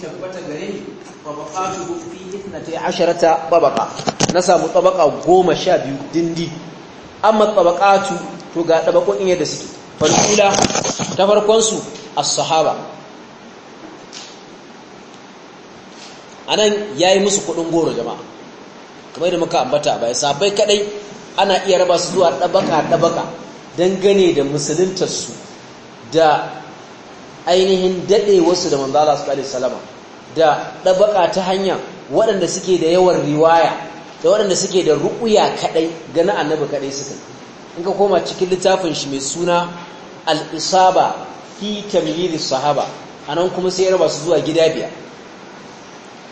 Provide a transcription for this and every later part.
ya tabbata gare ni tabaqatu fi ithnatay asharata tabaqa na samu tabaqa 12 dindi amma tabaqatu to ga in yadda suke farkula ta farkon su as-sahaba anan yayi musu kudin goro jama'a kamar da muka ambata bai sabai kadai ana iya raba su zuwa tabaka tabaka dangane da musuluntar su da ainihin daɗe wasu da manzo Allah sallallahu alaihi da ɗabaka ta hanya waɗanda suke da yawan riwaya da waɗanda suke da ru'uya kaɗai gana annabi kaɗai suka in ka koma cikin littafin shi mai suna al-isaba fi tamyiz sahaba anan kuma sai raba su zuwa gida biya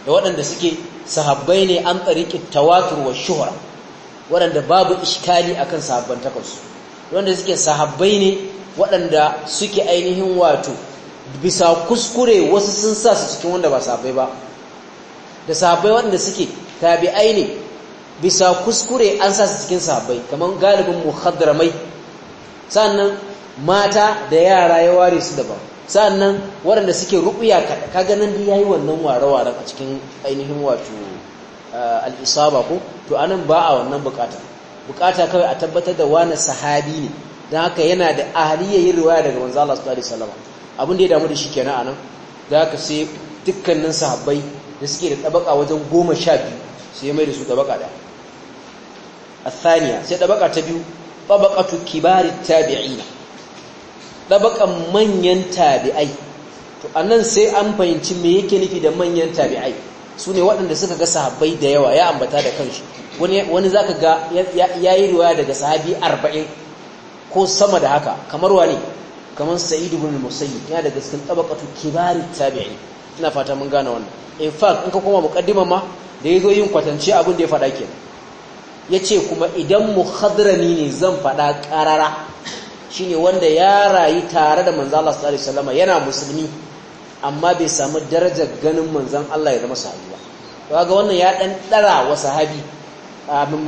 da waɗanda suke sahabbai ne an tsariki tawatur wa shuhra waɗanda babu iskali akan sahabbantakarsu waɗanda suke sahabbai ne waɗanda suke ainihin wato bisa kuskure wasu sun sa su cikin wanda ba sahabbai ba da sabai waɗanda suke tabi'ai ne bisa kuskure an sa su cikin sahabbai kamar galibin muhadramai sannan mata da yara ya ware su daban sannan waɗanda suke ruɓuya ka ganin da yayi wannan ware-waren a cikin ainihin wato eh, al'isaba ko to anan ba a wannan bukata bukata kawai a tabbatar da wani sahabi ne don haka yana da yin riwaya daga manzo su sallallahu alaihi abin da ya damu da shi kenan anan da ka sai dukkanin sahabbai da suke da tabaka wajen goma sha biyu sai mai da su tabaka da athaniya sai tabaka ta biyu tabaqatu kibari tabi'ina tabakan manyan tabi'ai to anan sai an fahimci me yake nufi da manyan tabi'ai su ne waɗanda suka ga sahabbai da yawa ya ambata da kansu wani za ka ga ya yi riwaya daga sahabi arba'in ko sama da haka kamar wani kamar Saidu ibn musayyib yana da cikin tabaqatu kibari tabi'i ina fata mun gane wannan in fact in ka koma muqaddima ma da yazo yin kwatance abin da ya fada ke yace kuma idan mukhadrami ne zan faɗa ƙarara shine wanda ya rayu tare da manzo Allah sallallahu alaihi wasallam yana musulmi amma bai samu darajar ganin manzon Allah ya zama sahabi ba to kaga wannan ya dan dara wa sahabi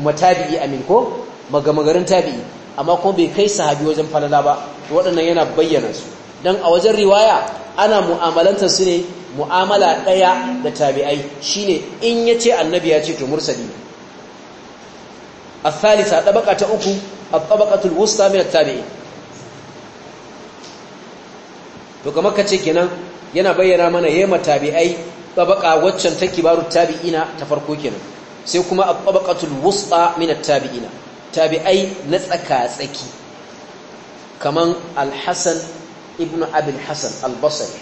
matabi'i amin ko magamagarin tabi'i amma kuma bai kai sahabi wajen falala ba waɗannan yana bayyana su don a wajen riwaya ana mu'amalantar su ne mu'amala ɗaya da tabi'ai shi ne in ya ce annabi ya ce to mursali a thalitha ɗabaka ta uku a ɗabakatul wusta mai tabi'i to kamar ka ce kenan yana bayyana mana yema tabi'ai ɗabaka waccan ta kibarun tabi'ina ta farko kenan sai kuma a ɗabakatul wusta mai tabi'ina tabi'ai na tsaka-tsaki kaman alhassan ibn abin hassan albasari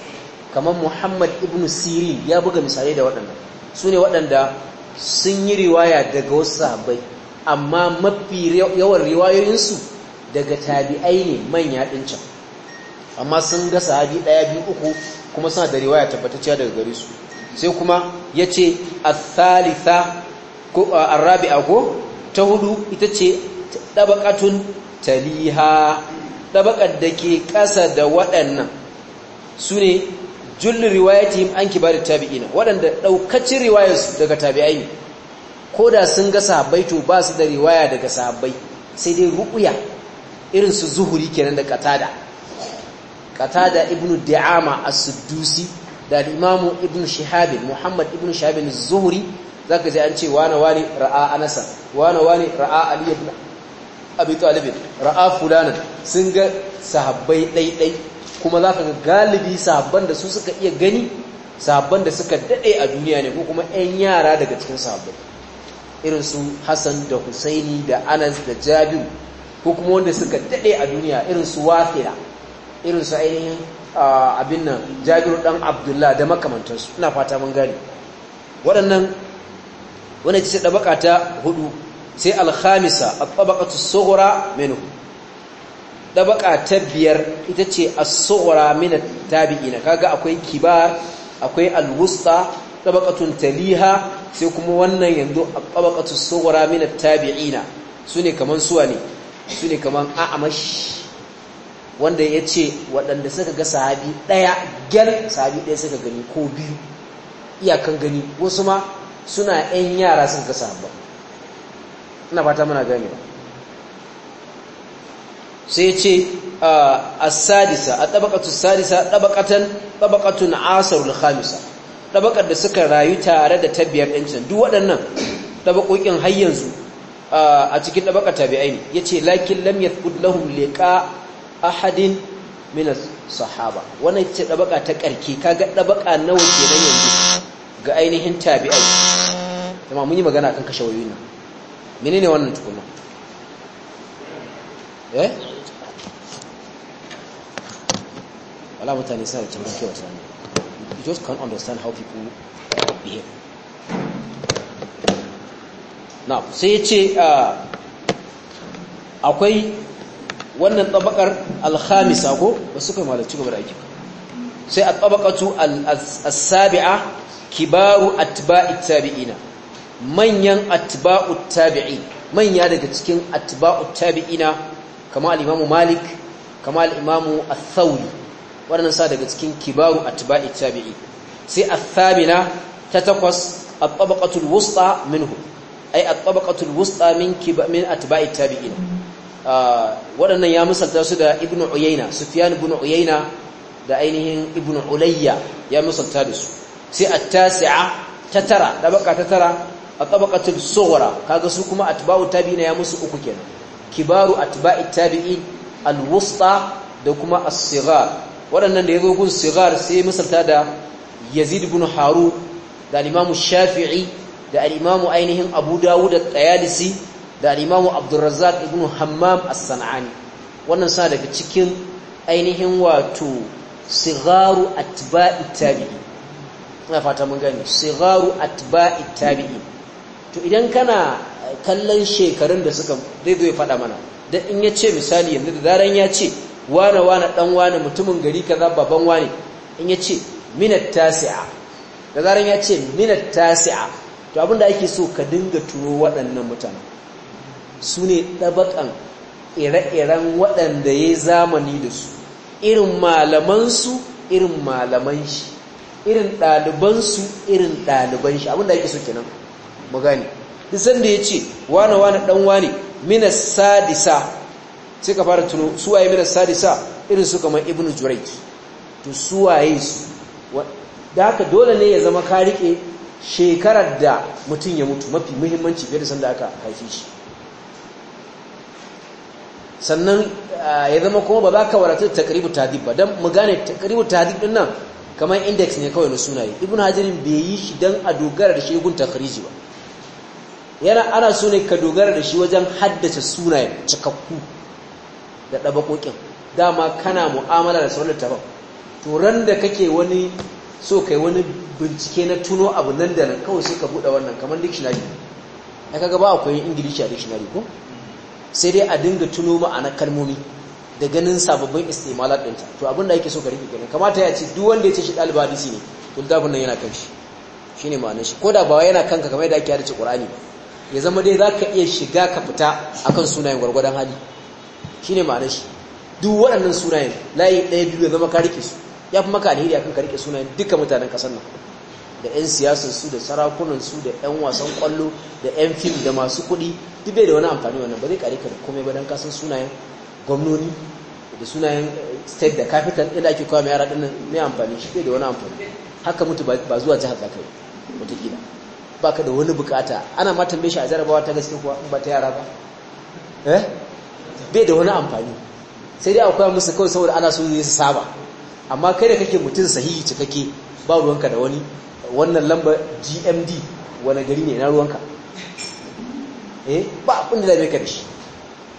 kaman muhammad Ibnu sirin ya buga misali da waɗanda, su ne waɗanda sun yi riwaya daga wasu sahabbai amma mafi yawan riwayoyinsu daga tabi'ai ne manya ɗincan amma sun ga sahabi ɗaya biyu uku kuma suna da riwaya tabbatacciya daga gare su sai kuma ya ce a thalitha ko a rabi'a ko ta hudu ita ce ɗabaƙatun taliha ɗabaƙar da ke ƙasa da waɗannan su ne jullun riwayatihim an da tabi'ina waɗanda ɗaukacin riwayarsu daga tabi'ai ko da sun ga sahabbai to ba su da riwaya daga sahabbai sai dai ruɓuya irin su zuhuri kenan da katada katada ibnu di'ama as-suddusi da al-imamu ibnu muhammad ibnu shihab zuhuri zaka ji an ce wana wani ra'a anasa wani ra'a ali abu ra'a fulana sun ga sahabbai ɗaiɗai kuma zaka ga galibi sahabban da su suka iya gani sahabban da suka daɗe a duniya ne ko kuma yan yara daga cikin sahabbai irin su Hassan da Husaini da Anas da Jabiru ko kuma wanda suka dade a duniya irin su wafiya irin su ainihin abin nan Jabiru dan Abdullah da makamantansu ina fata mun gane waɗannan wannan ce tabaka ta hudu sai al-khamisa at-tabaqatu as-sughra minhu tabaka ta biyar ita ce as-sughra min at-tabi'ina kaga akwai kibar akwai al-wusta tabaqatun taliha sai kuma wannan yanzu at-tabaqatu as-sughra min at-tabi'ina sune kaman suwa ne sune kaman a'amash wanda ya ce waɗanda suka ga sahabi ɗaya gyal sahabi ɗaya suka gani ko biyu iyakan gani wasu ma suna 'yan yara sun ka ba. ina fata muna ba. sai ce a sadisa a tabaqatu sadisa tabaqatan tabaqatun asarul khamisa tabakar da suka rayu tare da tabiyar ɗancin duk waɗannan tabakokin har yanzu a cikin tabakar tabi'ai ne yace lakin lam yathbut lahum leƙa ahadin min minas sahaba wannan ce tabaka ta karke kaga tabaka nawa ke nan yanzu ga ainihin tabi'ai kuma mun yi magana kan kashe wayoyin nan menene wannan tukuna eh wala mutane suna da cikakken wasu ne you just can't understand how people behave na sai ya ce ah, akwai wannan tabakar al-khamisa ko ba su kai malaci gaba da aiki sai a tabaqatu al-sabi'a kibaru atba'i tabi'ina manyan atba'u tabi'i manya daga cikin atba'u tabi'ina kama al-imamu malik kama al-imamu ath-thawri waɗannan sa daga cikin kibaru atba'i tabi'i sai ath-thamina ta takwas at-tabaqatul wusta minhu ai at-tabaqatul wusta min min atba'i tabi'ina ah, waɗannan ya misalta su da ibnu uyayna sufyan ibn uyayna da ainihin ibnu ulayya ya misalta da su sai a tasia ta tara dabaka ta tara at-tabaqatul sughra kaga su kuma atba'u tabi'ina ya musu uku kenan kibaru atba'i tabi'in al da kuma as-sighar waɗannan da yazo gun sighar sai misalta da Yazid ibn Haru da al Shafi'i da al ainihin Abu Dawud at-Tayalisi da al-Imam Abdul ibn Hammam as-San'ani wannan sa daga cikin ainihin wato sigaru atba'i tabi'i na fata mun gani sigaru atba'i tabi'i to idan kana kallon shekarun da suka zai zo ya faɗa mana dan in yace misali yanzu da zaran ya ce wane wane dan wane mutumin gari kaza baban wane in yace minat tasi'a da zaran ya ce minat tasi'a to abinda ake so ka dinga turo waɗannan mutane su ne ire-iren waɗanda ya zamani da su irin malaman su irin malaman shi irin ɗalibansu irin ɗaliban shi abinda yake so kenan mu gane duk sanda ya ce wane wane ɗan wane minas sadisa sai ka fara tuno suwaye minas sadisa irin su kamar ibnu juraik to suwaye su da haka dole ne ya zama ka riƙe shekarar da mutum ya mutu mafi muhimmanci fiye da sanda aka haife shi sannan ah, ya zama kuma ba za ka wara ta takribu tadib ba don mu gane takribu tadib din nan kamar index ne kawai na sunaye ibnu hajarin bai yi shi dan a dogara da shi gun takhriji ba yana ana so ne ka dogara da shi wajen haddace sunaye cikakku da dabakokin dama kana mu'amala da sauran littafin to ran da kake wani so kai wani bincike na tuno abu nan da nan kawai sai ka bude wannan kamar dictionary ai kaga ba akwai ingilishi a dictionary ko sai dai a dinga tuno ma'ana kalmomi da ganin sababbin istimalat ɗinta to abin da ake so ka rike ganin kamata ya ce duk wanda ya ce shi ɗaliba hadisi ne to littafin nan yana kan shi shi ne ma'anar shi ko da ba yana kanka kamar yadda ake hadace Qur'ani ba ya zama dai zaka iya shiga ka fita akan sunayen gwargwadon hali Shi ne ma'anar shi duk waɗannan sunayen layi ɗaya biyu ya zama ka rike su ya fi maka alheri akan ka rike sunayen duka mutanen ƙasar nan da 'yan siyasar su da sarakunan su da 'yan wasan kwallo da 'yan fim da masu kuɗi duk bai da wani amfani wannan ba zai ƙarika da komai ba dan kasan sunayen gwamnoni da sunayen eh, state da capital inda ake kawo mai yara ɗin mai amfani shi bai da wani amfani haka mutu ba zuwa jihar za ka yi watakila ba ka da wani bukata ana ma tambaye shi a jarabawa ta gaske kuwa ba ta yara ba eh bai da wani amfani sai dai akwai musu kawai saboda ana so su saba amma kai da kake mutum sahihi cikakke ba ruwanka da wani wannan lambar gmd wani gari ne na ruwanka eh ba abin da zai ka da shi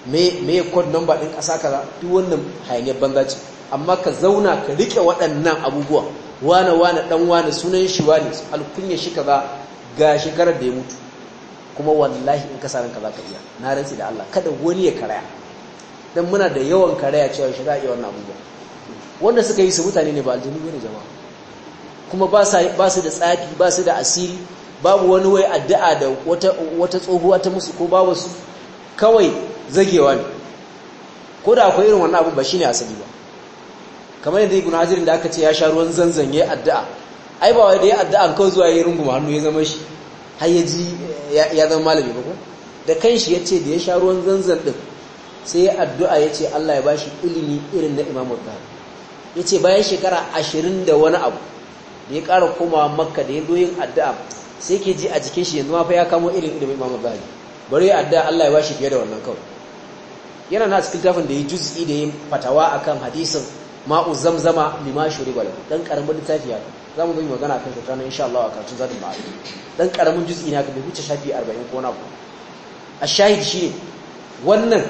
me kod number ɗin ƙasa kaza duk wannan hayaniyar banza ce amma ka zauna ka riƙe waɗannan abubuwa wane wane ɗan wane sunan shi wane alkunya shi kaza ga shekarar da ya mutu kuma wallahi in ka sa ranka ka iya na rantsi da Allah kada wani ya karaya dan muna da yawan karaya cewa shi za a iya wannan abubuwa wanda suka yi su mutane ne ba aljini bane jama'a kuma ba sa ba su da tsafi ba su da asiri babu wani wai addu'a da wata wata tsohuwa ta musu ko babu su kawai zagewa ne ko da akwai irin wannan abu ba shi ne asali ba kamar yadda ibn hajirin da aka ce ya sha ruwan zanzan ya addu'a ai ba wai da ya addu'a kawai zuwa ya runguma hannu ya zama shi har ya ji ya zama malami ba ko da kanshi ya ce da ya sha ruwan zanzan din sai ya addu'a ya ce Allah ya bashi ilimi irin na Imam Bukhari ya ce bayan shekara ashirin da wani abu da ya ƙara komawa makka da ya zo yin addu'a sai ke ji a jikin shi yanzu ma fa ya kamo irin ilimin Imam Bukhari bari ya addu'a Allah ya bashi fiye da wannan kawai yana na cikin tafin da ya juz'i da ya fatawa akan hadisun ma'u zamzama lima shuriba lahu dan karamin littafi ya za mu zai magana akan shi ranar insha Allah a karatun zadin ma'ari don karamin juz'i na ka bai wuce shafi arba'in ko na ku a shahid shi ne, wannan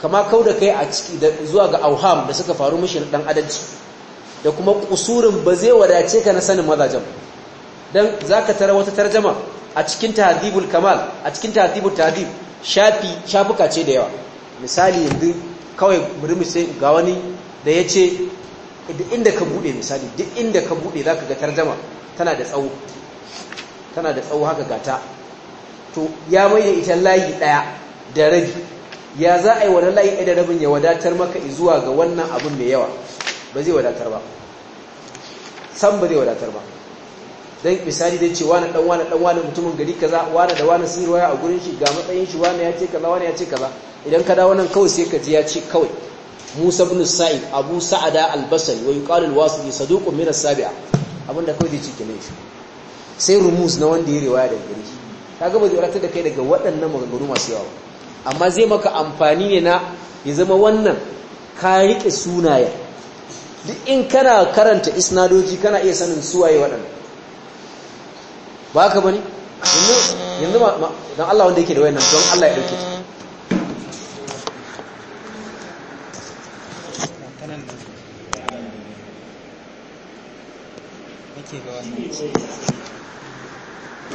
kama kau da kai a ciki zuwa ga auham da suka faru mishi dan adalci da kuma kusurin ba zai wadace ka na sanin mazajen dan ka tara wata tarjama a cikin tahadibul kamal a cikin tahadibul tahadib shafi shafuka ce da yawa misali yanzu kawai bari sai ga wani da ya ce duk inda ka bude misali duk inda ka bude za ka ga tarjama tana da tsawo tana da tsawo haka gata to ya mai ita layi ɗaya da rabi ya za a yi wani layi ɗaya da rabin ya wadatar maka zuwa ga wannan abin mai yawa ba zai wadatar ba san ba zai wadatar ba dan misali dai ce wani dan wani dan wani mutumin gari kaza wani da wani sun a gurin shi ga matsayin shi wani ya ce kaza wani ya ce kaza idan ka dawo nan kawai sai ka ji ya ce kawai Musa ibn Sa'id Abu Sa'ada al-Basri wa yuqalu al wasi saduq min as-sabi'a abinda kawai dai cikin shi sai rumus na wanda ya riwaya da gari shi kaga ba zai da kai daga waɗannan maganganu masu yawa amma zai maka amfani ne na ya zama wannan ka rike sunayen duk in kana karanta isnadoji kana iya sanin suwaye waɗannan ba ka bani yanzu don Allah wanda yake da wayan don Allah ya dauke ta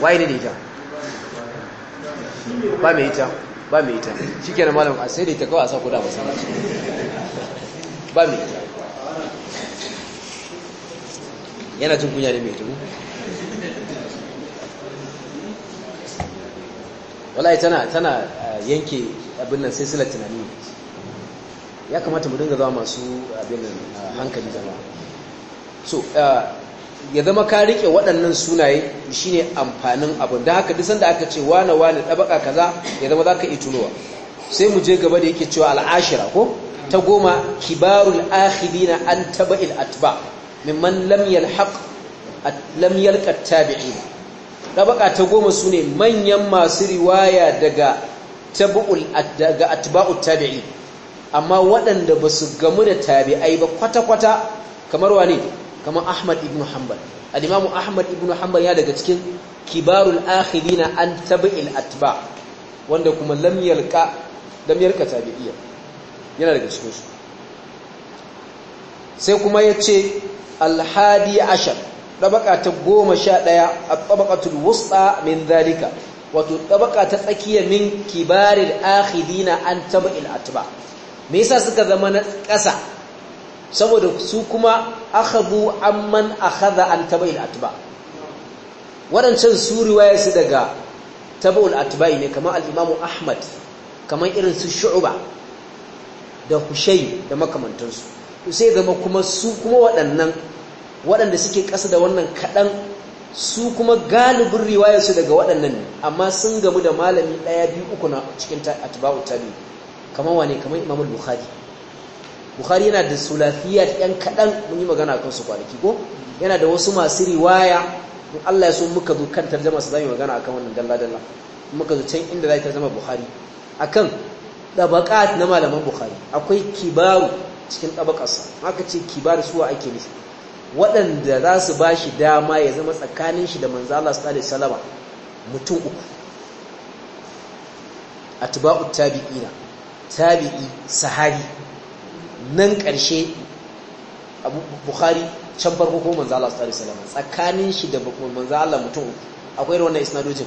waye ne da ita ba mai ita ba mai ita shi kenan malam a sai da ita kawai a sa kuda masallaci ba mai ita yana cin kunya da mai tuhu Wala tana tana eh, yanke abin nan sai sila tunani ya kamata mu dinga zama masu abin nan eh, hankali zama so eh, ya zama ka rike waɗannan sunaye shine amfanin abin da haka disan da aka ce wane wane ɗabaka kaza ya zama za ka yi tunowa sai mu je gaba da yake cewa al'ashira ko ta goma kibarul akhirina an il atba mimman lam'iyar haƙ lam yalqa ɗabaka ta goma su ne manyan masu riwaya daga tabu'ul daga atba'ut tabi'i amma waɗanda ba su gamu da tabi'ai ba kwata-kwata kamar wane kamar Ahmad ibn Hanbal al-Imam Ahmad ibn Hanbal ya daga cikin kibarul akhirina an tabi'il atba wanda kuma lam lam yarka tabi'iyya yana daga cikin sai kuma yace al-hadi ashar ɗabaka ta goma sha ɗaya a ɗabakatul wusa min zalika wato ɗabaka ta tsakiya min kibaril akhidina an taba'il atba me yasa suka zama na ƙasa saboda su kuma akhadhu amman akhadha an taba'il atba waɗancan su riwaya su daga taba'ul atba ne kamar al-imamu ahmad kamar irin su shu'ba da hushai da makamantansu sai zama kuma su kuma waɗannan waɗanda suke ƙasa da wannan kaɗan su kuma galibin riwayarsu daga waɗannan ne amma sun gamu da malami ɗaya biyu uku na cikin ta tabi kamar wane kamar imamul bukhari bukhari yana da sulafiya ɗan kaɗan mun yi magana kan su kwanaki ko yana da wasu masu riwaya in Allah ya so muka zo kan tarjama su zamu magana kan wannan dalla dalla muka zo can inda zai zama bukhari akan tabaqat na malaman bukhari akwai kibaru cikin tabaqarsa haka ce kibaru suwa ake nufi waɗanda za su ba shi dama ya zama tsakanin shi da manzo Allah sallallahu alaihi wasallam mutum uku atba'u tabi'ina tabi'i sahabi nan ƙarshe abu bukhari can farko ko manzo Allah sallallahu alaihi wasallam tsakanin shi da manzo Allah mutum uku akwai irin wannan isnadojin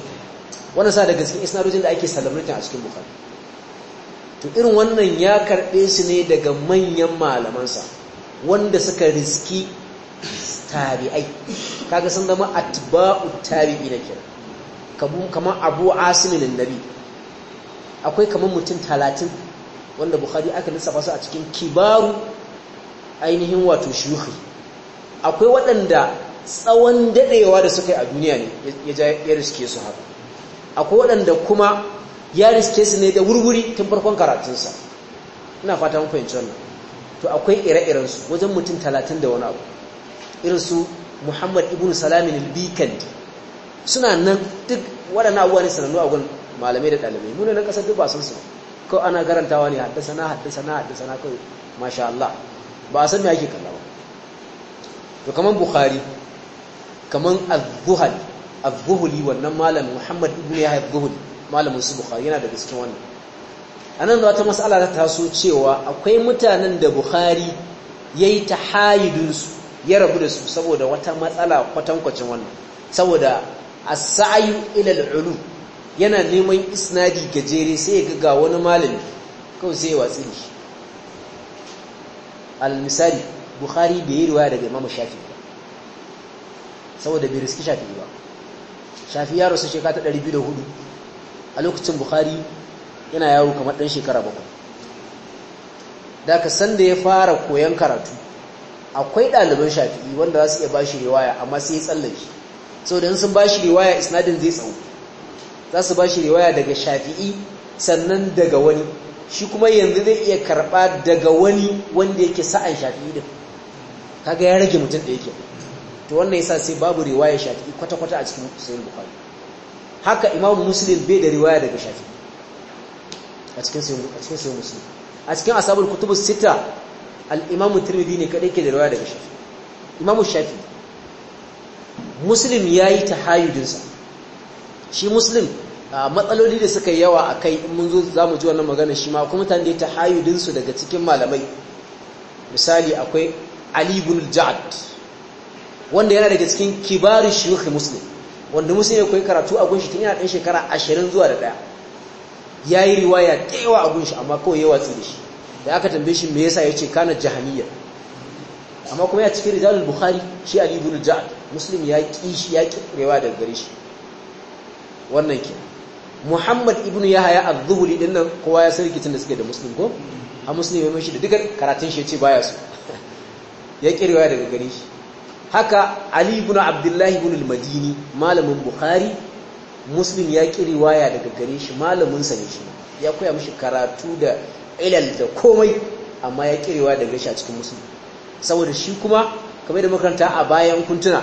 wannan sa daga cikin isnadojin da ake celebrating a cikin bukhari to irin wannan ya karbe su ne daga manyan malamansa wanda suka riski tabi'ai kaga sun zama atba'u tabi'i na kira kabu kamar abu asimin nabi akwai kamar mutum talatin wanda bukhari aka lissafa su a cikin kibaru ainihin wato shuhi akwai waɗanda tsawon daɗewa da suka yi a duniya ne ya riske su haka akwai waɗanda kuma ya riske su ne da wurwuri tun farkon karatunsa ina fata mafahimci wannan to akwai ire-irensu wajen mutum talatin da wani abu irin su muhammad ibn salamin al-bikandi suna nan duk waɗannan abuwa ne sanannu a gun malamai da ɗalibai muna nan ƙasar duk ba sun su ko ana garantawa ne haddasa na haddasa na haddasa na kawai masha Allah ba a san mai ake kalla ba to kaman bukhari kaman az-zuhali az-zuhuli wannan malam muhammad ibn yahya az-zuhuli malamin su bukhari yana daga cikin wannan anan da wata mas'ala ta taso cewa akwai mutanen da bukhari yayi tahayidun su ya rabu da su saboda wata matsala kwatankwacin wannan saboda a sayu ilal ulu yana neman isnadi gajere sai ya ga wani malami kawai sai ya watsi ne al-misali bukhari bai yi riwaya daga imam shafi ba saboda bai riski shafi ba shafi ya rasu shekara ta 204 a lokacin bukhari yana yawo kamar dan shekara bakwai da ka san da ya fara koyon karatu akwai ɗaliban shafi'i wanda za su iya shi riwaya amma sai tsallaki tsallake so da sun bashi riwaya isnadin zai tsawo za su shi riwaya daga shafi'i sannan daga wani shi kuma yanzu zai iya karɓa daga wani wanda yake sa'an shafi'i din kaga ya rage mutum da yake to wannan yasa sai babu riwaya shafi'i kwata-kwata a cikin sahih bukhari haka imamu muslim bai da riwaya daga shafi'i a cikin sahih muslim a cikin asabul kutubus sita al-imamu tirmidhi ne kaɗai ke da ruwa daga shafi imamu shafi muslim yayi tahayudin sa shi muslim matsaloli da suka yawa akai in mun zo zamu ji wannan magana shi ma kuma mutane da tahayudin su daga cikin malamai misali akwai ali ibn al-ja'd wanda yana daga cikin kibari shuyukh muslim wanda muslim ya koyi karatu a gunshi tun yana dan shekara 20 zuwa da Ya yayi riwaya da yawa a gunshi amma kawai yawa tsiri shi da aka tambaye shi me yasa yace kana jahamiyya amma kuma ya cikin rijalul bukhari shi ali ibn ja'd muslim ya ki shi ya ki rewa daga gare shi wannan ke muhammad ibn yahya az-zuhri din nan kowa ya san rikicin da suke da muslim ko a muslim ya mishi da dukkan karatun shi yace baya su ya rewa daga gare shi haka ali ibn abdullahi ibn al-madini malamin bukhari muslim ya ki riwaya daga gare shi malamin sa ne shi ya koya mishi karatu da ilal da komai amma ya kirewa da gashi a cikin musulmi saboda shi kuma kamar da makaranta a bayan kuntuna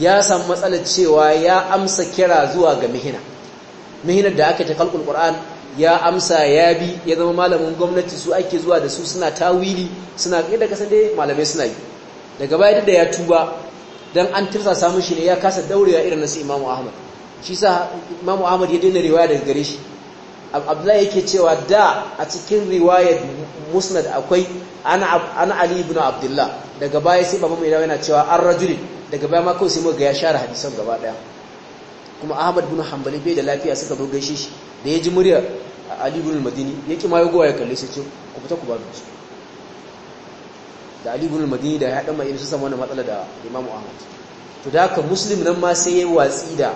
ya samu matsalar cewa ya amsa kira zuwa ga mihina mihinar da aka ta kalkul qur'an ya amsa ya bi ya zama malamin gwamnati su ake zuwa da su suna tawili suna da kasan dai malamai suna yi daga baya da ya tuba dan an tirsa samun shi ne ya kasa daurewa irin nasu imamu ahmad shi sa imamu ahmad ya daina riwaya daga gare shi abdullahi yake cewa da a cikin riwayar musnad akwai ana ali ibn abdullah daga baya sai babu mai yana cewa an rajuli daga baya ma kawai sai ga ya share hadisan gaba daya kuma ahmad ibn hanbali bai da lafiya suka zo gaishe shi da ya ji murya ali ibn madini yake ma ya goya kalle sai ce ku fita ku ba su da ali ibn madini da ya dama irin su san wannan matsala da imam ahmad to da haka muslim nan ma sai ya watsi da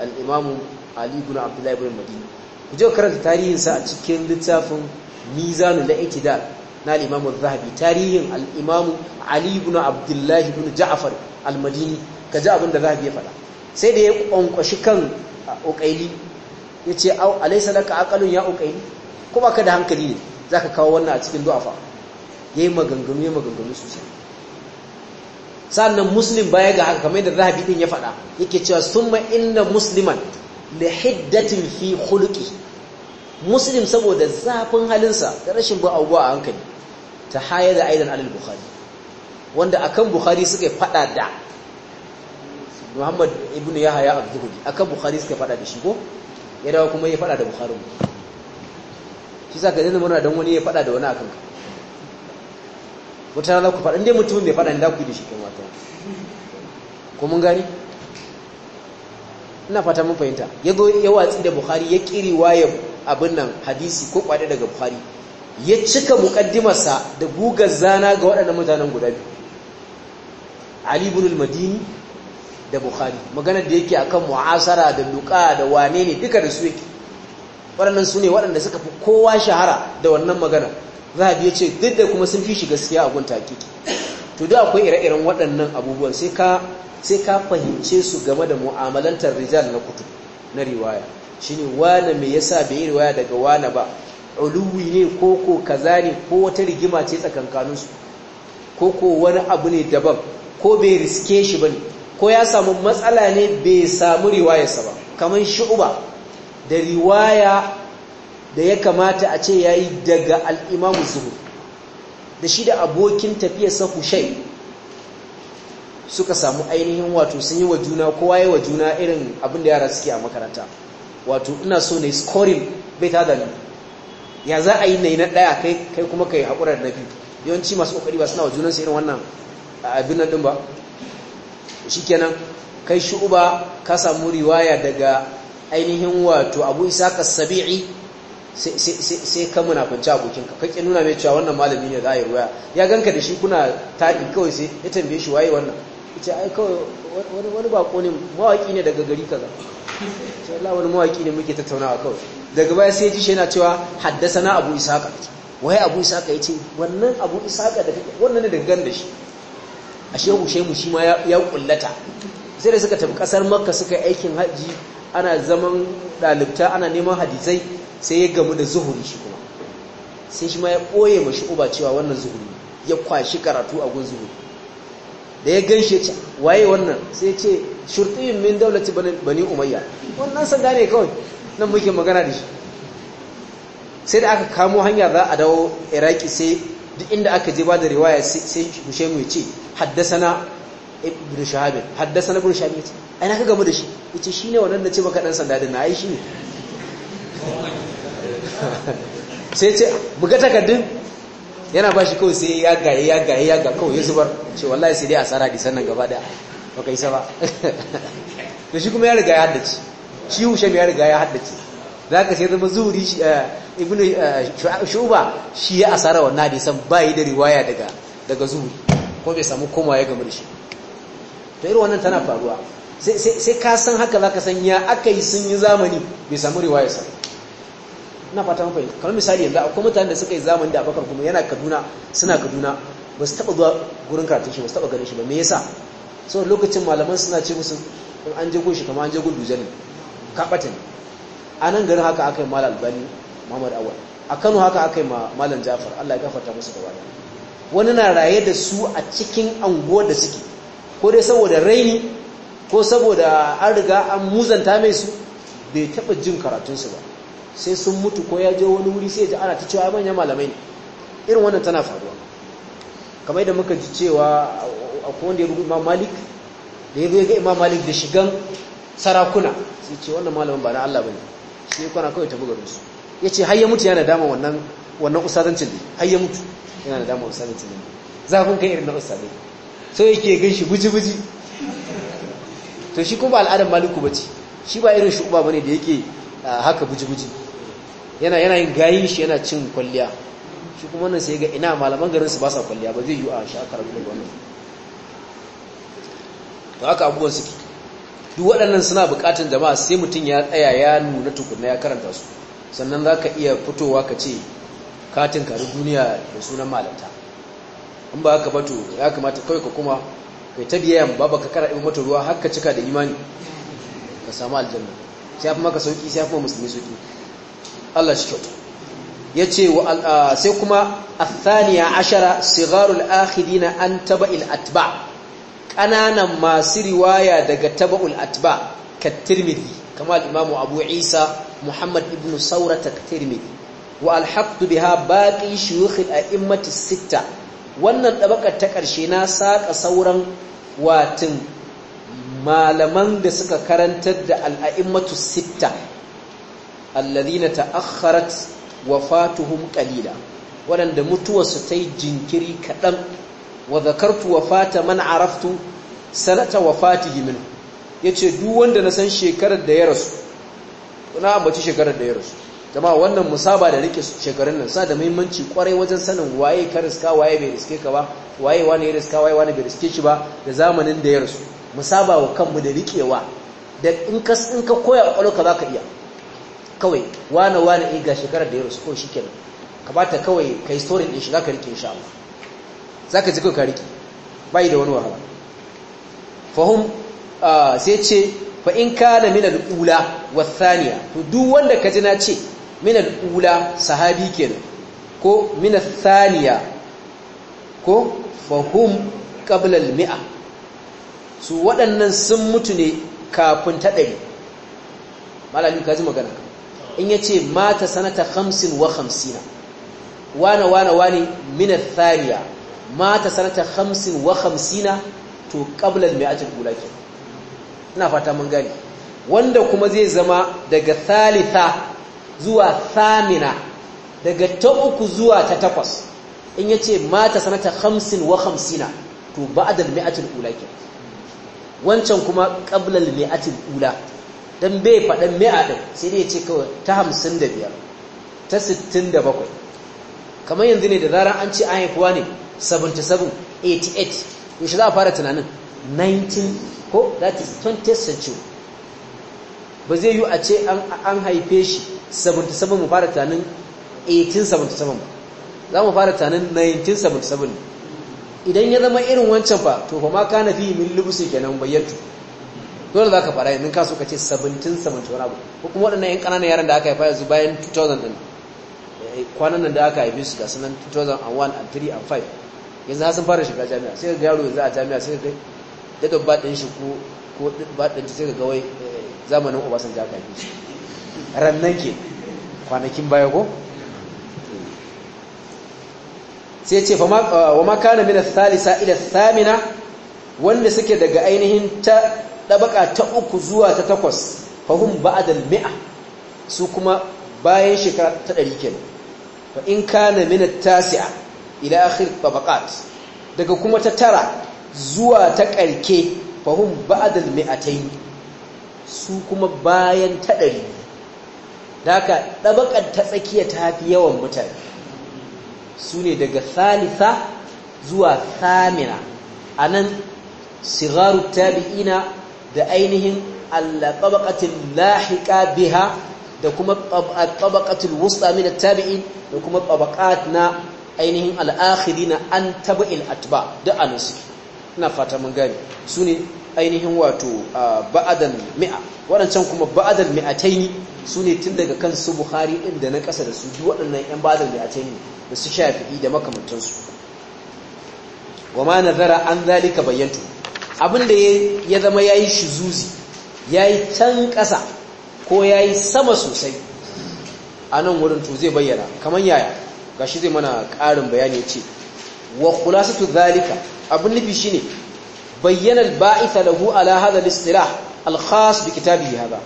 al-imam ali ibn abdullah ibn madini ku je karanta tarihinsa a cikin littafin mizanul i'tidal na al zahabi tarihin al-imam ali ibn abdullahi ibn ja'far al-madini ka ji abin da zahabi ya fada sai da ya kwankwashi kan ya yace au alaysa laka aqalun ya uqaili ko baka da hankali ne zaka kawo wannan a cikin du'afa yayi maganganu yayi maganganu sosai sannan muslim baya ga haka kamar yadda zahabi din ya fada yake cewa summa inna musliman li hiddatin fi khuluqi muslim saboda zafin halinsa da rashin bin abubuwa a hankali ta haya da aidan alil bukhari wanda akan bukhari suka fada da muhammad ibnu yahaya az a akan bukhari suka fada da shi ko ya dawo kuma ya fada da bukhari shi za ka dana muna don wani ya fada da wani akan wata rana ku fada inda mutum mai fada inda ku da shi kan wata ko mun gani ina fata mun fahimta zo ya watsi da bukhari ya kiri waye abin nan hadisi ko kwade daga buhari ya cika mukaddimarsa da gugar zana ga waɗannan mutanen guda biyu ali madini da buhari magana da yake akan mu'asara da luka da wane ne duka da su yake waɗannan su ne waɗanda suka fi kowa shahara da wannan magana za biya ce duk da kuma sun fi shi gaskiya a gunta hakiki to da akwai ire-iren waɗannan abubuwan sai ka sai ka fahimce su game da mu'amalantar rijal na kutu na riwaya shine wane mai yasa bai yi riwaya daga wane ba uluwi ne koko kaza ne ko wata rigima ce tsakankaninsu Ko koko wani abu ne daban ko bai riske shi ne? ko ya samu matsala ne bai samu riwayarsa ba kamar shu'ba da riwaya da ya kamata a ce ya yi daga al'imamu zuhu da shi da abokin tafiyarsa Hushai suka samu ainihin wato sun yi wa juna kowa ya wa juna irin abinda yara suke a makaranta wato ina so ne scoring bai ta dani ya za a yi na yi na ɗaya kai kai kuma kai haƙura da na biyu yawanci masu ƙoƙari ba suna wa junansu irin wannan abin nan ɗin ba shi kenan kai shu'uba ka samu riwaya daga ainihin wato abu isa ka sabi'i sai ka munafanci abokinka kake nuna mai cewa wannan malami ne za a yi ruwaya ya ganka da shi kuna taɗi kawai sai ya tambaye shi waye wannan wani bako ne mawaki ne daga gari kaza sai wani mawaki ne muke tattaunawa kawai daga baya sai ji shi yana cewa na Abu Isaka waye Abu Isaka ce? wannan Abu Isaka da wannan ne daga ganda shi ashe shehu shi ma ya kullata sai da suka tafi kasar Makka suka aikin haji ana zaman dalibta ana neman hadisai sai ya gamu da zuhuri shi kuma sai shi ma ya koye mashi uba cewa wannan zuhuri ya kwashi karatu a gun zuhuri da ya gan shi waye wannan sai ce shurtiyin min daulati bani umayya wannan san ne kawai nan muke magana da shi sai da aka kamo hanya za a dawo iraki sai duk inda aka je ba da riwaya sai hushe mu ce haddasana ibn shahabin haddasana ibn shahabin ce ai na ka gamu da shi yace shine wannan da ce maka dan sanda da na ai ne. sai ce buga takardun yana ba shi kawai sai ya gaye ya gaye ya ga kawai ya zubar ce wallahi sai dai asara di sannan gaba daya ba kai sa ba to shi kuma ya riga ya haddace shi husham ya riga ya haddace zaka sai zama zuri eh, ibnu eh, shuba shi ya asara wannan san bai da riwaya daga daga zuri ko bai samu komawa ya gamar da shi to irin wannan tana faruwa sai ka san haka zaka san ya akai sun yi zamani bai samu riwaya sai fata fatan fahimta kamar misali yanzu akwai mutanen da suka yi zamani da abakar kuma yana kaduna suna kaduna ba su taɓa zuwa gurin karatun shi ba su taɓa ganin shi ba me yasa so lokacin malaman suna ce musu in an je shi kamar an je gudu jani kaɓata ne a nan garin haka aka yi malam albani mamar awal a kano haka aka yi malam jafar allah ya gafarta musu gaba da wani na raye da su a cikin anguwa da suke ko dai saboda raini ko saboda an riga an muzanta mai su bai taɓa jin karatunsu ba sai sun mutu ko ya je wani wuri sai ji ana ta cewa manyan malamai ne irin wannan tana faruwa kamar da muka ji cewa akwai wanda ya rubu imam malik da ya ga imam malik da shigan sarakuna sai ce wannan malamin ba na Allah bane shi ya kwana kawai ta buga rusu ya ce har ya mutu yana dama wannan wannan usazancin ne har ya mutu yana dama usazancin ne zafin kan irin na usazai sai yake gan shi guji-guji to shi kuma al'adar maliku ce shi ba irin ba bane da yake ah, haka guji-guji yana yana yin gayi shi yana cin kwalliya shi kuma wannan sai ga ina malaman garin su ba sa kwalliya ba zai yi a shi aka da wannan to haka abubuwan suke duk waɗannan suna buƙatar jama'a sai mutum ya tsaya ya nuna tukunna ya karanta su sannan za ka iya fitowa ka ce katin kari duniya da sunan malata in ba haka bato ya kamata kawai ka kuma kai ta biyayen ba ka kara ɗin mata ruwa har cika da imani ka samu aljanna sai ya fi maka sauƙi sai ya musulmi sauƙi Allah shi yace wa sai kuma athaniya ashara sigarul akhidina an taba'il atba kananan masu riwaya daga taba'ul atba katirmidhi kama al-imamu Abu Isa Muhammad ibn Saura katirmidhi wa alhaqtu biha baqi shuyukh al-a'immati sitta wannan dabakar ta karshe na saka sauran watin malaman da suka karantar da al-a'immatu sitta alladhina ta'akhkharat wafatuhum qalila wadanda mutuwarsu tai jinkiri kadan wa dhakartu wafata man araftu sanata wafatihi min yace duk wanda na san shekarar da ya rasu na ambaci shekarar da ya rasu jama'a wannan musaba da rike shekarun nan sa da muhimmanci kwarai wajen sanin waye ka riska waye bai riske ka ba waye wani ya riska waye wani bai riske shi ba da zamanin da ya rasu musaba wa kanmu da rikewa da in ka in ka koya kwakwalwa ka zaka iya kawai wane wane eh, ga shekarar da ya rasu ko shi kenan kamata kawai ka yi storin da shi za ka riƙe insha Allah za ka ji kawai ka ba yi da wani wahala fahim ah, sai ce fa in kana min al'ula wa thaniya to duk wanda ka ji na ce min al'ula sahabi kenan ko min thaniya ko fahim qabla al-mi'a su waɗannan sun mutu ne kafin ta ɗari malamin ka ji magana in yace mata sanata 55 wana wana wani min athariya mata sanata 55 to qabla al-mi'at al-ula ina fata mun gani wanda kuma zai zama daga thalitha zuwa thamina daga ta uku zuwa ta takwas in yace mata sanata 55 to ba'da al-mi'at al-ula wancan kuma qabla al-mi'at al-ula don bai faɗin mi'a ɗin sai dai ce kawai ta hamsin da biyar ta sittin da bakwai kamar yanzu ne da zarar an ce an haifuwa ne 77 88 yaushe za a fara tunanin 19 ko that is 20th century ba zai yi a ce an haife shi 77 mu fara tunanin 1877 ba za mu fara tunanin 1977 idan ya zama irin wancan ba to kuma ka na fi min lubusu kenan bayyantu dole za ka fara yanzu ka so ka ce 17 17 wani abu ko kuma waɗannan yan ƙananan yaran da aka haifa yanzu bayan 2000 din eh, kwanan nan da aka haifi su ga sunan 2001 and 3 and 5 yanzu har sun fara shiga jami'a sai ga yaro yanzu a jami'a sai ga daga baɗin shi ko ko baɗin shi sai ga gawai eh, zamanin obasanjo aka haife shi rannan ke kwanakin baya ko sai ce wa makana min thalisa ila thamina wanda suke daga ainihin ta ɗabaƙa ta uku zuwa ta takwas fahim ba'adal mi'a su kuma bayan shekara ta ɗari kenan fa in kana minat tasi'a ila akhir tabaqat daga kuma ta tara zuwa ta ƙarke fahim ta yi su kuma bayan ta ɗari daga ɗabakar ta tsakiya ta fi yawan mutane su ne daga thalitha zuwa thamina anan sigaru tabi'ina da ainihin al-tabaqatil lahiqa biha da kuma al-tabaqatil wusta min at-tabi'in da kuma tabaqat na ainihin al-akhirin an tabi'il atba da anusuki ina fata mun gane ne ainihin wato ba'adal mi'a waɗancan kuma ba'adal su ne tun daga kan su bukhari din da na kasa da su duk waɗannan yan ba'adal ne da su shafi'i da makamantansu wa ma nazara an zalika bayyantu abinda ya zama ya yi zuzi, ya yi can ƙasa ko ya yi sama sosai a nan wurin to zai bayyana kamar yaya gashi zai mana ƙarin bayani ce wa tu zalika abin nufi shine bayyanar ba'itha lahu ala hadha al-istilah al-khas bi kitabihi hadha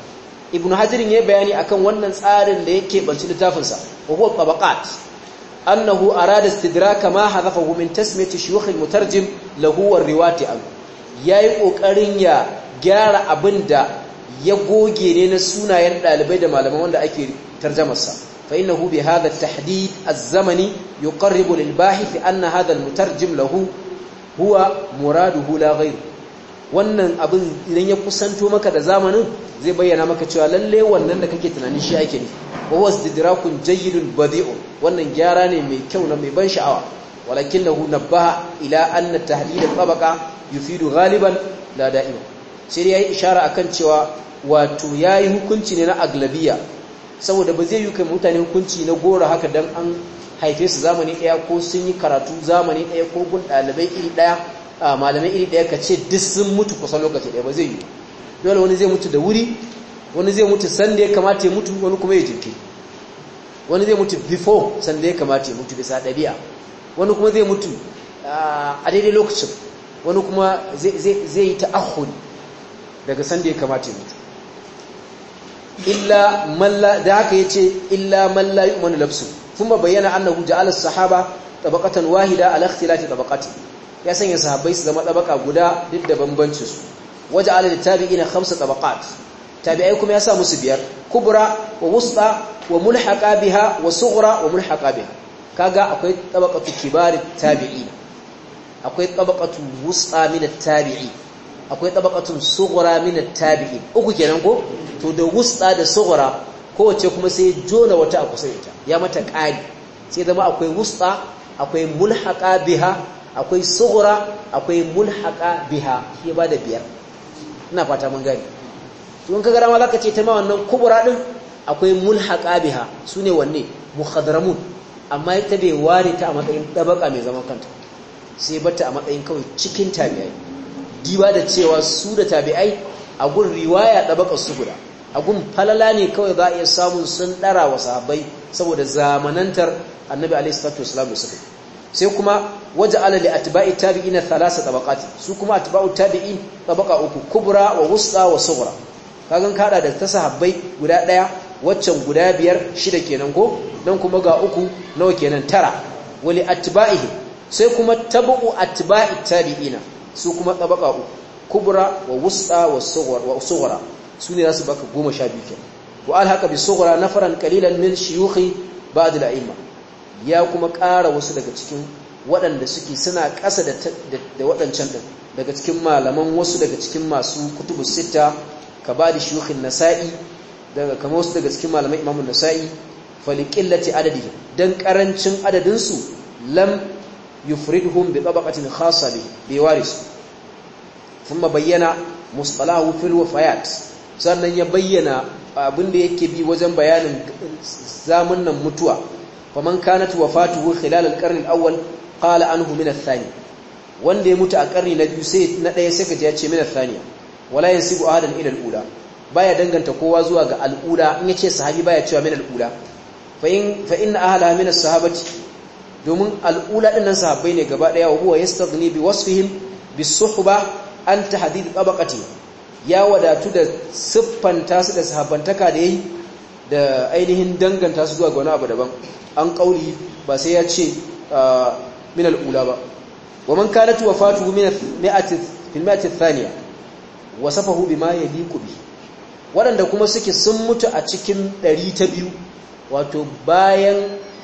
ibnu hajar ya bayani akan wannan tsarin da yake banci littafin sa wa huwa tabaqat annahu arada stidra kama hadafahu min tasmiyati shuyukh al-mutarjim lahuwar wa riwati anhu ya yi ƙoƙarin ya gyara abin da ya goge ne na sunayen ɗalibai da malaman wanda ake tarjamarsa fa inna hu bi hadha tahdid az-zamani yuqarribu lil bahith anna hadha al-mutarjim lahu huwa muradu la ghayr wannan abin idan ya kusanto maka da zamanin zai bayyana maka cewa lalle wannan da kake tunanin shi ake nufi wa huwa istidrakun jayyidun badi'un wannan gyara ne mai kyau na mai ban sha'awa lahu nabbaha ila anna tahdidan al-tabaqa yufidu ghaliban la da'ima sai dai yayi ishara akan cewa wato yayi hukunci ne na aglabiya saboda ba zai yi kai mutane hukunci na gora haka dan an haife su zamani daya ko sun yi karatu zamani daya ko gun dalibai iri daya malamai iri daya kace duk sun mutu kusan lokaci daya ba zai yi dole wani zai mutu da wuri wani zai mutu sanda ya kamata ya mutu wani kuma ya jinkiri wani zai mutu before sanda ya kamata ya mutu bisa ɗabi'a wani kuma zai mutu a daidai lokacin wani kuma zai yi ta'ahudi daga sanda ya kamata ya mutu illa malla da haka ce illa malla yu'manu labsu kuma bayyana annahu ja'ala sahaba tabakatan wahida ala ikhtilati tabaqati ya sanya sahabai su zama tabaka guda duk da bambancin su waja'ala litabi'ina hamsa tabaqat tabi'ai kuma ya sa musu biyar kubra wa wusta wa mulhaqa biha wa sughra wa mulhaqa biha kaga akwai tabaqatu kibari tabi'i. akwai tabaqatu wusa min at-tabi'i akwai tabaqatu sughra min at-tabi'i uku kenan ko to da wusta da sughra kowace kuma sai jona wata a kusa ita ya mata ƙari sai zama akwai wusa akwai mulhaqa biha akwai sughra akwai mulhaqa biha shi ba da biyar ina fata mun gani to in gara ma zaka ce ta ma wannan kubura din akwai mulhaqa biha sune wanne mukhadramun amma ita bai ware ta a matsayin dabaka mai zaman kanta sai bata a matsayin kawai cikin tabi'ai giwa da cewa su da tabi'ai a gun riwaya ɗabaka su guda a gun falala ne kawai za a iya samun sun ɗara wa sahabbai saboda zamanantar annabi alaihi salatu wasu sai kuma waje alali tabi'i thalassa thalasa tabaqati su kuma tabi'i tabi'i tabaqa uku kubra wa wusta wa ka kagan kaɗa da ta sahabbai guda ɗaya waccan guda biyar shida kenan ko nan kuma ga uku nawa kenan tara wali tabi'i. sai kuma tabu atba'i tabi'ina su kuma tabaka uku kubra wa wusta wa sughra wa sughra su ne zasu baka biyu kenan wa alhaqa bi sughra nafaran qalilan min shuyukhi ba'd al-a'imma ya kuma ƙara wasu daga cikin waɗanda suke suna ƙasa da waɗancan ɗin daga cikin malaman wasu daga cikin masu kutubu sita ka ba da shuyukhin nasa'i daga kama wasu daga cikin malaman imamun nasa'i faliƙillati adadi don ƙarancin adadinsu lam yufridhum bi tabaqatin khassa bi bi waris thumma bayyana mustalahu fil wafayat sannan ya bayyana abinda yake bi wajen bayanin nan mutuwa faman kanat wafatuhu khilal al-qarn al-awwal qala anhu min ath-thani wanda ya mutu a karni na biyu sai na daya sai kaje ya ce min ath-thaniya wala yasibu ahadan ila al-ula baya danganta kowa zuwa ga al-ula in yace sahabi baya cewa min al-ula fa in fa inna ahla min as-sahabati domin al'ula ɗinan sahabbai ne gaba daya huwa zane bi wasfihim bi ba an ta tahdid tabaqati ya wadatu da siffanta su da sahabbantaka da yi da ainihin danganta su zuwa ga wani abu daban an ƙauri ba sai ya ce ah, min al'ula ba wa man kanat fatu min bi waɗanda kuma suke sun mutu a cikin 200 wato bayan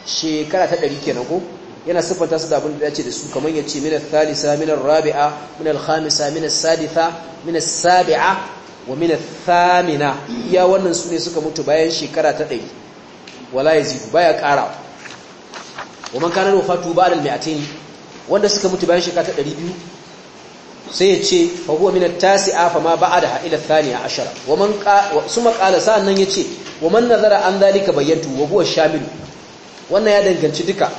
shekara ta ɗari kenan ko yana siffanta su da abin da ya ce da su kamar yace ce minar thalisa minar rabia minar al-khamisa min al-saditha sabia wa minar thamina iya wannan su ne suka mutu bayan shekara ta ɗari wala ya yazid baya ƙara wa man kana wafatu ba'da al-mi'atayn wanda suka mutu bayan shekara ta ɗari biyu sai ce fa huwa min al-tasi'a fa ma ba'daha ila al-thaniya ashara wa man sa'an nan ya ce wa man nazara an zalika bayyantu wa huwa shamilu wannan ya danganci duka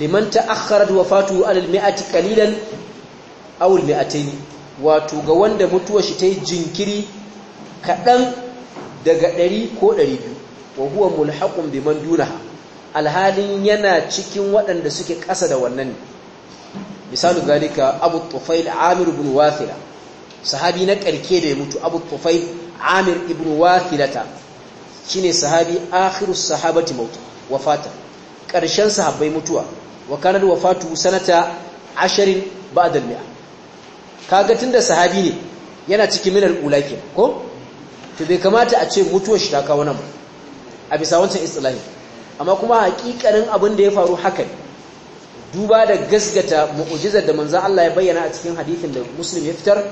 liman ta'akhkharat wafatu alal al-mi'ati qalilan aw al-mi'atayn wato ga wanda mutuwar shi tayi jinkiri kadan daga 100 ko 200 wa huwa mulhaqun biman dunaha alhalin yana cikin waɗanda suke ƙasa da wannan misalu zalika abu tufail amir ibn wathila sahabi na ƙarke da ya mutu abu tufail amir ibn wathilata shine sahabi akhirus sahabati mautu wafata ƙarshen sahabbai mutuwa wa kanar wafatu sanata ashirin da mi'a kaga tunda sahabi ne yana cikin minar ula ko to bai kamata a ce mutuwar shi ta kawo nan a bisa wancan istilahi amma kuma hakikanin abin da ya faru haka duba da gasgata mu'ujizar da manzon Allah ya bayyana a cikin hadithin da Muslim ya fitar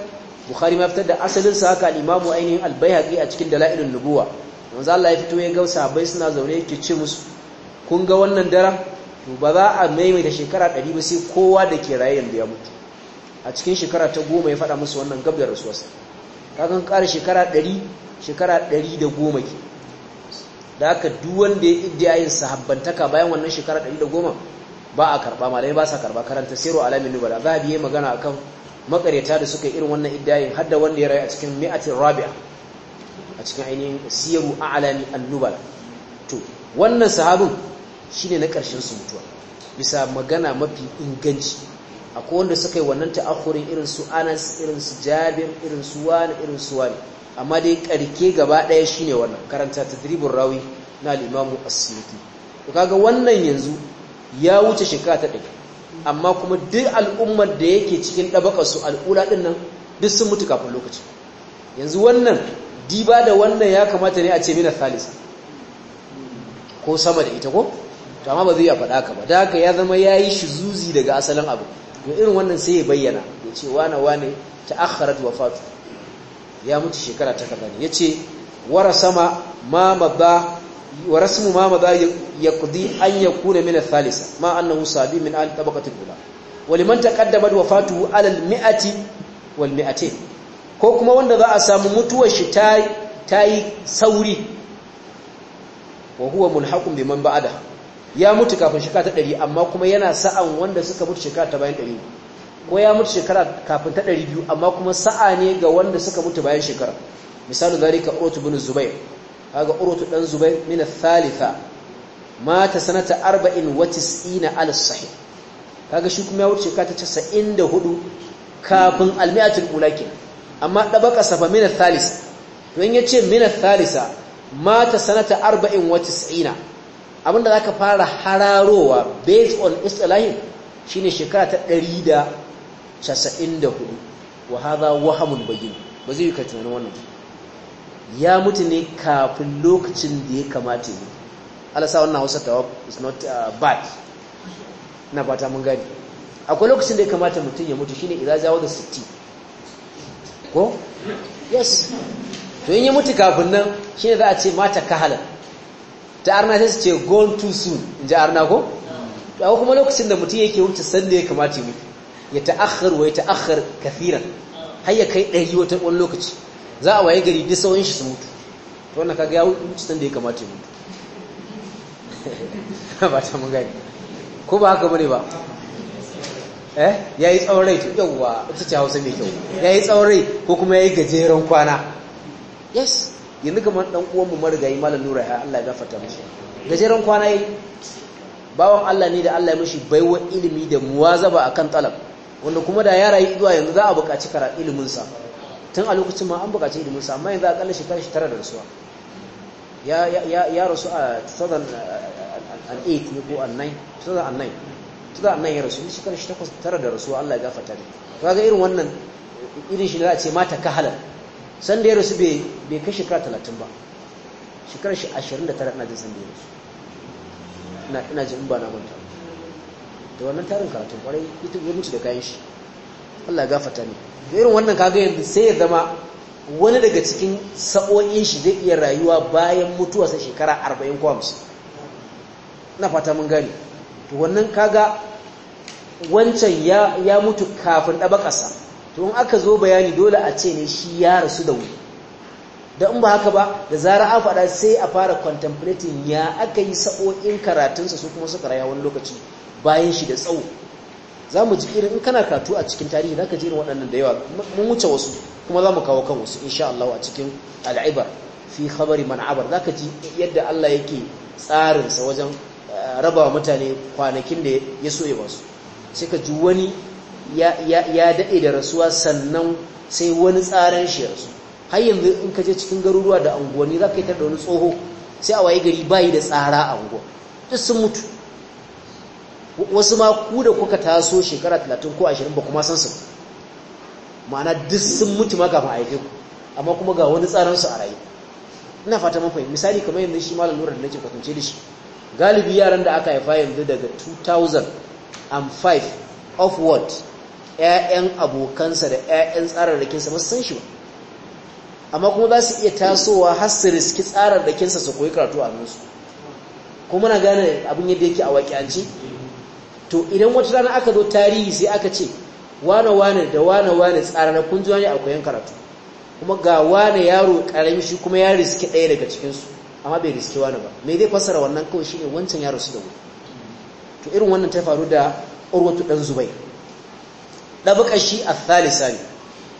Bukhari ma fitar da asalin sa haka al ainihin al a cikin Dalailun Nubuwa manzon Allah ya fito ya ga sahabbai suna zaune yake ce musu kun ga wannan daren to ba za a maimaita shekara ɗari ba sai kowa da ke raye yanzu ya mutu a cikin shekara ta goma ya faɗa musu wannan gab da rasuwarsa kakan ƙara shekara ɗari shekara ɗari da goma ke da aka da ya idda yayin sahabbantaka bayan wannan shekara ɗari da goma ba a karɓa malai ba sa karɓa karanta sero alamin nubala za a biye magana akan makareta da suka irin wannan iddayin har da wanda ya rayu a cikin mi'atin rabi'a a cikin ainihin siyaru a'lami an-nubala to wannan sahabin shine na ƙarshen su mutuwa bisa magana mafi inganci akwai wanda suka yi wannan ta'akhurin irin su Anas irin su Jabir irin su Wani irin su Wani amma dai karke gaba ɗaya shine wannan karanta tadribur rawi na al-Imam As-Suyuti kaga wannan yanzu ya wuce shekara ta ɗaya amma kuma duk al'ummar da yake cikin ɗabakar su al'ula ɗin nan duk sun mutu kafin lokaci yanzu wannan diba da wannan ya kamata ne a ce mina thalisa ko sama da ita ko to amma ba zai ya faɗa ka ba da haka ya zama ya yi shi zuzi daga asalin abu to irin wannan sai ya bayyana ya ce wane wane ta akharat fatu ya mutu shekara ta kaza ne ya ce wara sama ma ba wa rasmu ma ya yaqdi an yakuna min ath-thalisa ma annahu sabi min al tabaqati al-ula wa liman taqaddamat wafatuhu ala al-mi'ati wal mi'atayn ko kuma wanda za a samu mutuwar shi ta yi sauri wa huwa mulhaqun biman ba'dahu ya mutu kafin shekara ta ɗari amma kuma yana sa'an wanda suka mutu shekara ta bayan ɗari ko ya mutu shekara kafin ta ɗari biyu amma kuma sa'a ne ga wanda suka mutu bayan shekara misali ka urutu bin zubair kaga urutu ɗan zubai mina thalitha mata sanata arba'in 94 al sahih kaga shi kuma ya wuce shekara ta hudu, kafin almi'atul ula amma dabaka safa mina thalisa Don yace mina thalisa mata sanata 94 abinda za ka fara hararowa based on shi shine shekara ta 194 wa hadha wahamun bagin ba zai yi ka tunanin wannan ya mutu ne kafin lokacin da ya kamata ne Allah sa wannan Hausa tawa is not uh, bad na fata mun gani akwai lokacin da ya kamata mutum ya mutu shi ne zawo da 60 ko yes to in ya mutu kafin nan ne za a ce mata kahalar ta arna sai su ce gone too soon in ji arna ko ya kuma lokacin da mutum yake wuce sanda ya kamata yi ya ta'akhkhar wa ya ta'akhkhar kafiran har ya kai ɗari wata wani lokaci za a waye gari duk sauran shi su mutu to wannan kaga ya wuce sanda ya kamata ya mutu ba ta mun gani ko ba haka bane ba eh yi tsawon rai to yawwa ita ce Hausa mai kyau yi tsawon rai ko kuma ya yi gajeren kwana yes yanzu kamar dan uwan mu marigayi malam nura ya Allah ya gafarta mishi gajeren kwana yi bawan Allah ne da Allah ya mishi baiwa ilimi da muwazaba akan talab wanda kuma da yara yi zuwa yanzu za a buƙaci kara ilimin sa tun a lokacin ma an buƙaci ilimin sa amma yanzu kallashi kan shi tara da rasuwa ya ya ya rasu a 2008 ne ko a 9 2009 2009 ya rasu kan shi takwas tara da rasuwa Allah ya gafarta ne kaga irin wannan irin shi da a ce mata kahalar sanda ya rasu bai kai shekara talatin ba shekarar shi ashirin da tara ina jin sanda ya rasu ina jin ba na manta da wannan tarin karatun kwarai ita gwamnati da kayan shi Allah ya gafata ne da irin wannan kaga yadda sai ya zama wani daga cikin sa'o'in shi zai iya rayuwa bayan mutuwa sa shekara arba'in ko hamsin ina fata mun gane to wannan kaga wancan ya mutu kafin ɗaba ƙasa tun aka zo bayani dole a ce ne shi ya rasu da wuri da in ba haka ba da zara a faɗa sai a fara contemplating ya aka yi sa'o'in karatunsa su kuma suka raya wani lokaci bayan shi da tsawo za mu ji irin in kana karatu a cikin tarihi za ka ji irin waɗannan da yawa mun wuce wasu kuma za mu kawo kan wasu insha Allah a cikin al'ibar fi khabari man abar za ka ji yadda Allah yake sa wajen eh, raba mutane kwanakin da ya so ya basu sai ka ji wani ya daɗe da rasuwa sannan sai wani tsaran shi rasu har yanzu in ka je cikin garuruwa da anguwanni za ka yi da wani tsoho sai a waye gari bayi da tsara a unguwa duk sun mutu wasu ma ku da kuka taso shekara 30 ko 20 ba kuma san su ma'ana duk sun mutu ma kafin ku amma kuma ga wani tsarin su a rayu ina fata mun misali kamar yanzu shi malam lura da nake kwatance da shi galibi yaran da aka haifa yanzu daga 2005 of what 'ya'yan abokansa da 'ya'yan tsararrakinsa ba su san shi ba amma kuma za su iya tasowa har su riski tsararrakinsa su koyi karatu a nusu kuma muna gane abin yadda yake a waƙiyanci to idan wata rana aka zo tarihi sai aka ce wane-wane da wane-wane tsararrakun zuwa ne a koyon karatu kuma ga wane yaro ƙarami shi kuma ya riski ɗaya daga cikinsu amma bai riski wani ba me zai fassara wannan kawai shi ne wancan yaro su da wuri to irin wannan ta faru da urwatu ɗan zubai ɗabaƙa shi a thalisa ne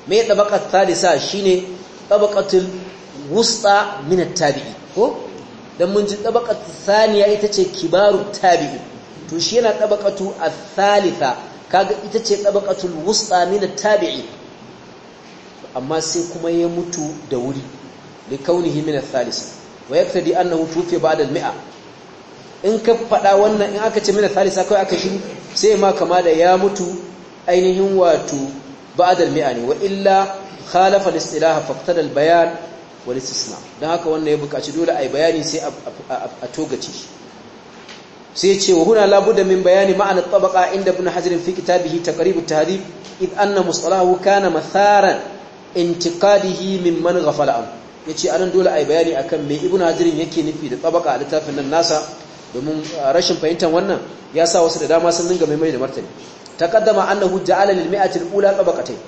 mai ɗabaƙa thalisa shi ne ɗabaƙatun wusta minar tabi'i ko don mun ji ɗabaƙa thaniya ita ce kibaru tabi'i to shi yana ɗabaƙatu a thalisa kaga ita ce ɗabaƙatun wusta minar tabi'i amma sai kuma ya mutu da wuri da kaunihi minar thalisa wa na annahu fi ba da mia in ka faɗa wannan in aka ce minar thalisa kawai aka shi sai ma kama da ya mutu ainihin wato ba'adar mi'a ne wa illa khalafa al-istilaha faqtada al-bayan wal istisna dan haka wannan ya buƙaci dole ai bayani sai a togace sai ya ce wa huna da min bayani ma'ana tabaqa inda ibn hajar fi kitabihi taqrib at-tahdhib id anna mustalahu kana matharan intiqadihi mimman ghafala an yace anan dole ai bayani akan me ibn hajar yake nufi da tabaqa a littafin nan nasa domin rashin fahimtar wannan ya sa wasu da dama sun dinga mai da martani taqaddama annahu ja'ala lil mi'ati al-ula tabaqatayn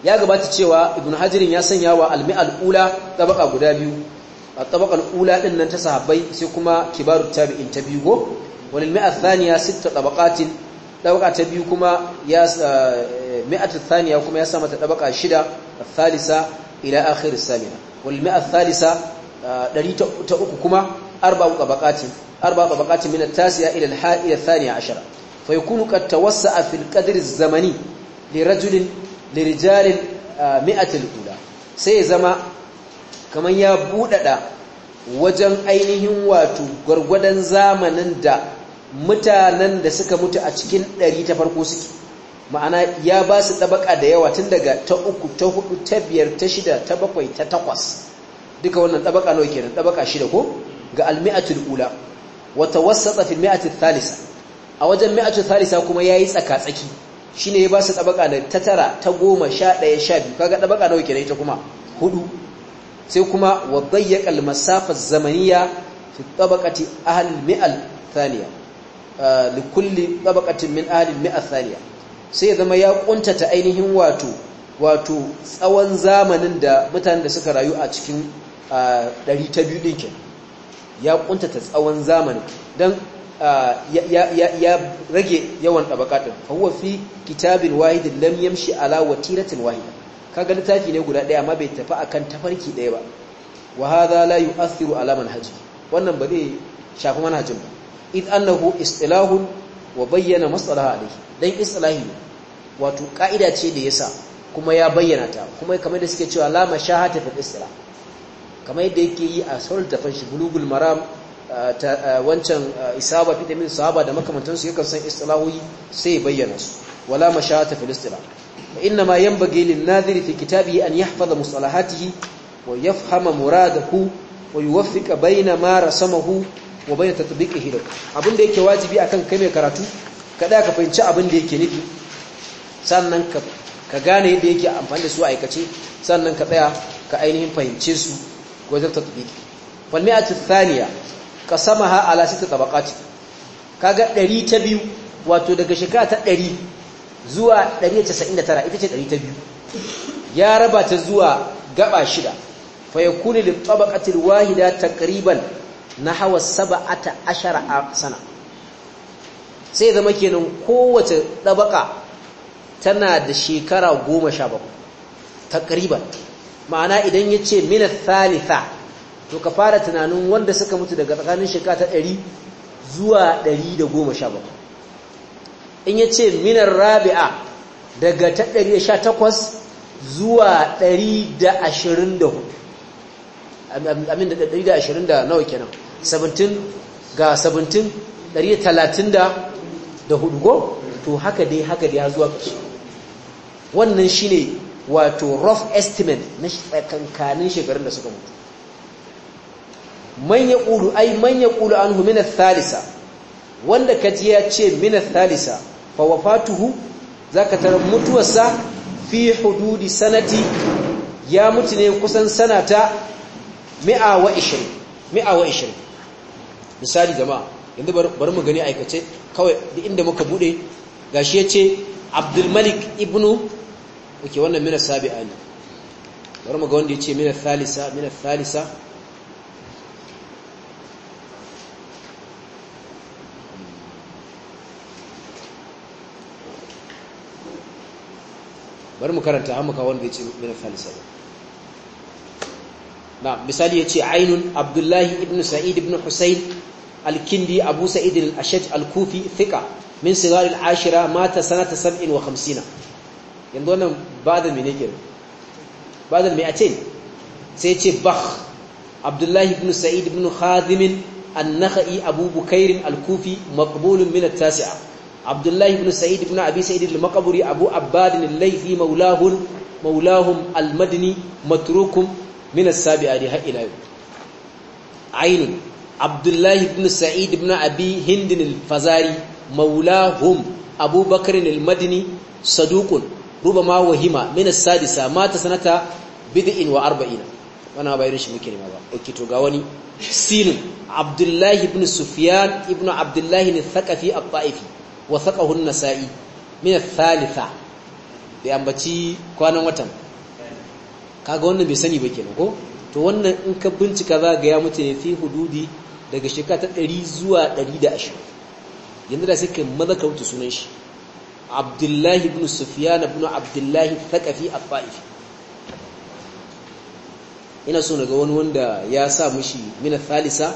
ya gabata cewa ibnu hajirin ya sanya wa al-mi'al ula tabaqa guda biyu a tabaqal ula din nan ta sahabbai sai kuma kibaru tabi'in ta biyu go wal mi'a thaniya sitta tabaqatin tabaqa ta biyu kuma ya eh, mi'atu thaniya kuma ya samata ta tabaqa shida al-thalisa ila akhir as-samina wal mi'a thalisa 100 eh, ta uku kuma arba'u tabaqatin أربع طبقات من التاسعة إلى الحائلة الثانية عشرة فيكون قد توسع في القدر الزمني لرجل لرجال مئة الأولى سيزما كما يبود wajen ainihin wato gwargwadon zamanin da mutanen da suka mutu a cikin ɗari ta farko suke ma'ana ya ba su tabaka da yawa tun daga ta uku ta hudu ta biyar ta shida ta bakwai ta takwas duka wannan tabaka nawa kenan tabaka shida ko ga almi'atul ula wata wasata fil mi'ati thalisa a wajen mi'ati thalisa kuma yayi tsaka tsaki shine ya ba su tabaka da ta tara ta goma sha ɗaya sha biyu kaga tabaka nawa kenan ita kuma hudu sai kuma wa dayyaqal masafa zamaniya fi tabaqati ahli mi'al thaniya ah, li kulli tabaqatin min ahli mi'al thaniya sai zama ya kuntata ainihin wato wato tsawon zamanin da mutanen da suka rayu a cikin 200 ah, ɗin kenan ya kuntata tsawon zamani don ah, ya rage yawan ɗabakatun, fa fi kitabin wahidin lam yamshi ala watiratin wahida kaga littafi ne guda ɗaya, amma bai tafi akan tafarki ɗaya ba wa hadha la yu'athiru ala manhaji wannan ba zai shafi manhajin ba id annahu istilahun wa bayyana maslaha alayhi dan islahi wato kaida ce da yasa kuma ya bayyana ta kuma kamar da suke cewa la mashahata fil istilah kamar yadda yake yi a sauran tafan shi bulugul maram wancan isaba fi min sahaba da makamantansu yakan san istilahoyi sai bayyana su wala mashata fil istilah wa inna ma yanbaghi lin nadhiri fi kitabihi an yahfaza mustalahatihi wa yafhama muradahu wa yuwaffiqa bayna ma rasamahu wa bayna tatbiqihi lahu abinda yake wajibi akan kai mai karatu kada ka fahimci abin da yake nufi sannan ka gane yadda yake amfani da su aikace sannan ka tsaya ka ainihin fahimce su wajen tatbiki tuthaniya ka sama ha ala sita tabaqat kaga 100 ta biyu wato daga shekara ta 100 zuwa 199 ita ce 100 ta biyu ya raba ta zuwa gaba shida fa yakunu li na wahida taqriban nahawa sab'ata ashara sana sai zama kenan kowace tabaka tana da shekara goma sha bakwai taqriban ma'ana idan ya ce mina thalitha to ka fara tunanin wanda suka mutu daga tsakanin shekara ta ɗari zuwa ɗari da goma sha in ya ce minar rabi'a daga ta ɗari takwas zuwa ɗari da ashirin da hudu amin da ɗari da ashirin da nawa kenan sabantin ga 17 ɗari da talatin da hudu ko to haka dai haka dai ya zuwa kashi wannan shi ne wato rough estimate na tsakankanin shekarun da suka mutu man ƙulu ai man ƙulu an hu minar thalisa wanda kaji ya ce minar Thalisa thalisa fa wafatuhu zaka tara mutuwarsa fi hududi sanati ya mutu ne kusan sanata wa ishirin. misali gama yanzu bari mu gani aikace kawai da inda muka bude gashi yace ce Malik ibnu ok wannan mina sabi'a ne bari mu ga wanda ya ce mina thalisa mina thalisa bari mu karanta hamuka wanda ya ce mina thalisa na misali ya ce ainun abdullahi ibn sa'id ibn husayn الكندي أبو سعيد al kufi ثقة min صغار العاشرة مات سنة سبع وخمسين yanzu wannan badal mai ne kenan badal mai a ce sai ce bakh abdullahi ibn sa'id ibn khadim an-nakhai abu bukair al-kufi maqbul min at-tasi'a abdullahi ibn sa'id ibn abi sa'id al Makaburi abu abbad laifi laythi maulahun maulahum al-madini matrukum min as-sabi'a li ha'ila ayn abdullahi ibn sa'id ibn abi hind al-fazari maulahum abu bakr madini saduqun Ruba rubama wahima min as-sadisa mata sanata bid'in wa arba'ina wana ba shi muke nema ba okay to ga wani sinin abdullahi ibn sufyan ibn abdullahi al-thaqafi al-ta'ifi wa thaqahu an-nasa'i min al-thalitha bai ambaci kwanan watan kaga wannan bai sani ba kenan ko to wannan in ka bincika za ga ya mutu ne fi hududi daga shekara ta 100 zuwa 120 yanzu da sai kai maza ka sunan shi abdullahi ibn sufiyana ibn abdullahi thaqafi al-fa'ifi ina so naga wani wanda ya sa mishi min thalisa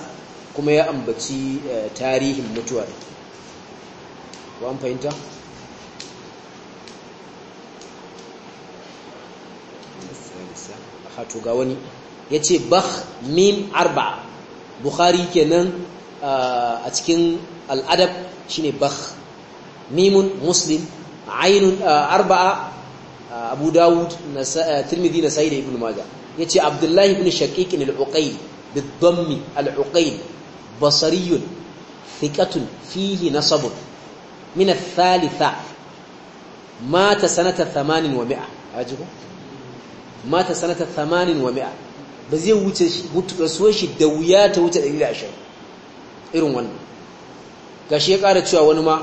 kuma ya ambaci eh, tarihin mutuwa ko an fahimta hato ga wani ce bakh mim arba bukhari kenan ah, a cikin al-adab shine bakh mimun muslim ainun uh, arba'a uh, abu dawud uh, tirmidhi na sa'id ibn ya ce abdullahi ibn shaqiq al-uqayl bid-dammi al-uqayl basariyun thiqatun fihi na min ath-thalitha mata sanata 80 wa 100 ajibu mata sanata 80 wa 100 ba zai wuce rasuwar shi da wuya ta wuce 120 irin wannan gashi ya ƙara cewa wani ma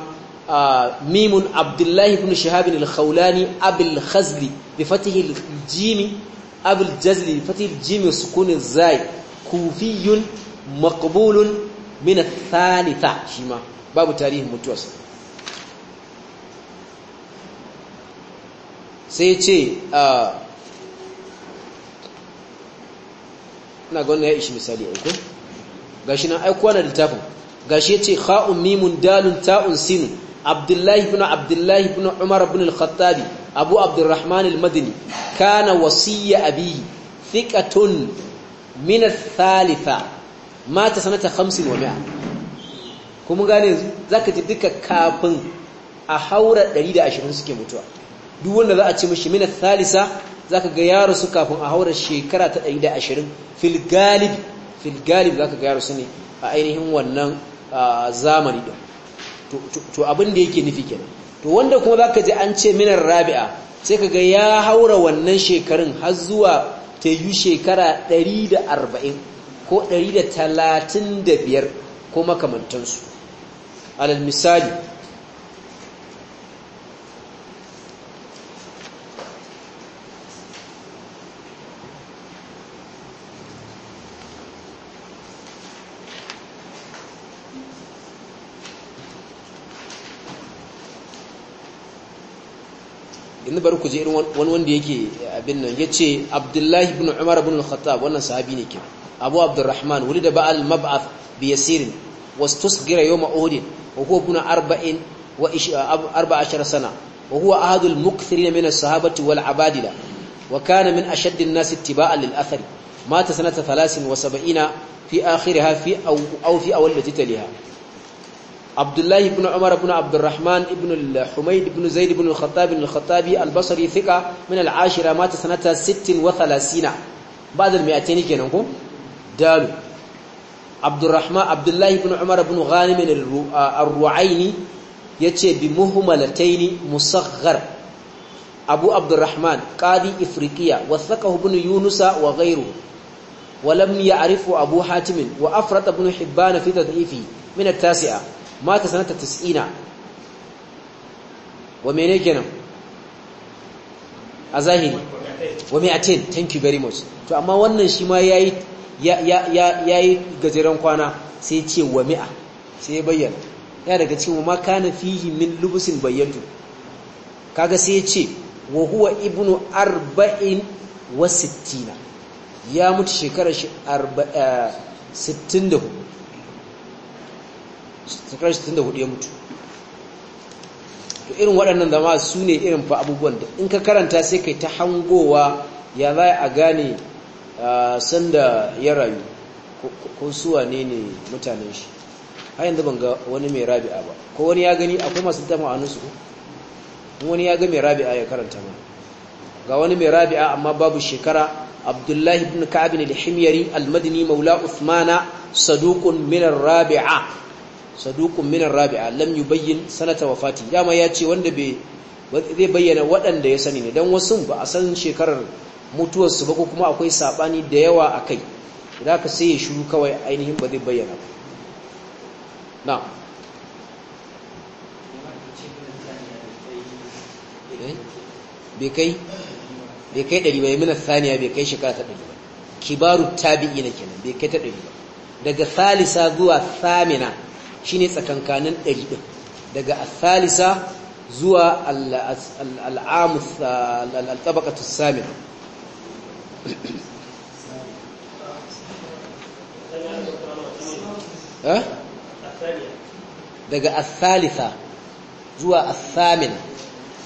mimun abdullahi ibn shahabin al-khawlani abul khazli bi fatihi al-jim abul jazli bi fatihi al-jim sukun zai kufiyun maqbulun min ath shima babu tarihin mutuwarsa sai ce ina ga wannan ya ishi misali aiko gashi nan aiko na littafin gashi ya ce kha'un mimun dalun ta'un sin. abdullahi ibn abdullahi ibn umar ibn al-khattabi abu abdurrahman al-madini kana wasiyya a thiqatun min ath-thalitha mata sanata 50 wa 100 kuma gane zaka ji duka kafin a haura 120 suke mutuwa duk wanda za a ce mishi min ath-thalitha zaka ga yaro su kafin a haura shekara ta 120 fil galib fil galib zaka ga yaro su ne a ainihin wannan ah, zamani din to abin da yake nufi kenan to wanda kuma zaka ji an ce minar rabi'a sai kaga ya haura wannan shekarun har zuwa ta yi shekara 140 ko 135 ko makamantansu alal misali yanzu bari ku je irin wani wanda yake abin nan yace Abdullahi ibn Umar bin al-Khattab wannan sahabi ne ke Abu Abdurrahman da ba'al mab'ath bi yasir wastusghira yawm Uhud wa huwa ibn 40 wa 14 sana wa huwa ahad al-mukthirin min as-sahabati wal abadila wa kana min ashadd an-nas ittiba'an lil athari mata sanata 73 fi akhiriha fi aw fi awal lati taliha abdullahi ibn umar ibn abdurrahman ibn al-humayd ibn zaid ibn al-khattab ibn al-khattabi al-basri thiqa min al-ashira mata sanata 36 ba'da al-mi'atayn kenan ko dalu abdurrahman abdullahi ibn umar ibn ghanim ar-ru'aini uh, yace bi muhmalataini musaghar abu abdurrahman qadi ifriqiya wathaqahu ibn yunusa wa ghayruhu ولم يعرفه أبو حاتم وأفرط ابن حبان في تضعيفه من التاسعة mata sanata 90 wa mene kenan a zahiri wa mai atin thank you very much to amma wannan shi ma yayi ya gajeren kwana sai ce wa mi'a sai ya bayyana ya daga cikin ma kana fihi min lubusin bayyantu kaga sai ya ce wa huwa ibnu arba'in wa sittina ya mutu shekarar 64 64 ya mutu to irin waɗannan zama su ne irin fa abubuwan da in ka karanta sai kai ta hangowa ya za a gane sanda ya rayu ko suwa ne ne mutanen shi har yanzu ban ga wani mai rabi'a ba ko wani ya gani akwai masu tafa a nusu wani ya ga mai rabi'a ya karanta ma ga wani mai rabi'a amma babu shekara abdullahi ibn ka'ab da himyari almadini maula uthmana saduqun min ar-rabi'a saduƙun min rabi'a lam yubayyin sanata wafati dama ya ce wanda zai bayyana waɗanda ya sani ne don wasu ba a san shekarar mutuwarsu ba ko kuma akwai saɓani da yawa a kai idan ka sai ya shiru kawai ainihin ba zai bayyana na eh? bai kai ɗari ba ya mina saniya bai kai shekara ta ɗari ba kibaru ta tabi'i na kenan bai kai ta ɗari ba daga salisa zuwa samina shine tsakankanin ɗari ɗin daga athalisa zuwa al'amutabakatu samin daga athalisa zuwa athamin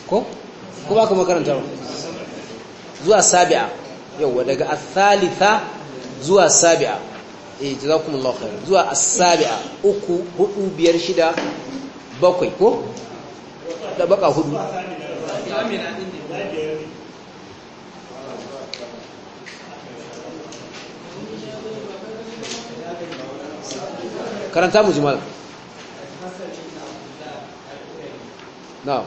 ko? ko ba ku makaranta ba zuwa sabi'a yauwa daga athalitha zuwa sabi'a eh jazakumullahu khair zuwa as-sabi'a uku hudu biyar shida bakwai ko da baka hudu karanta mu jimala na'am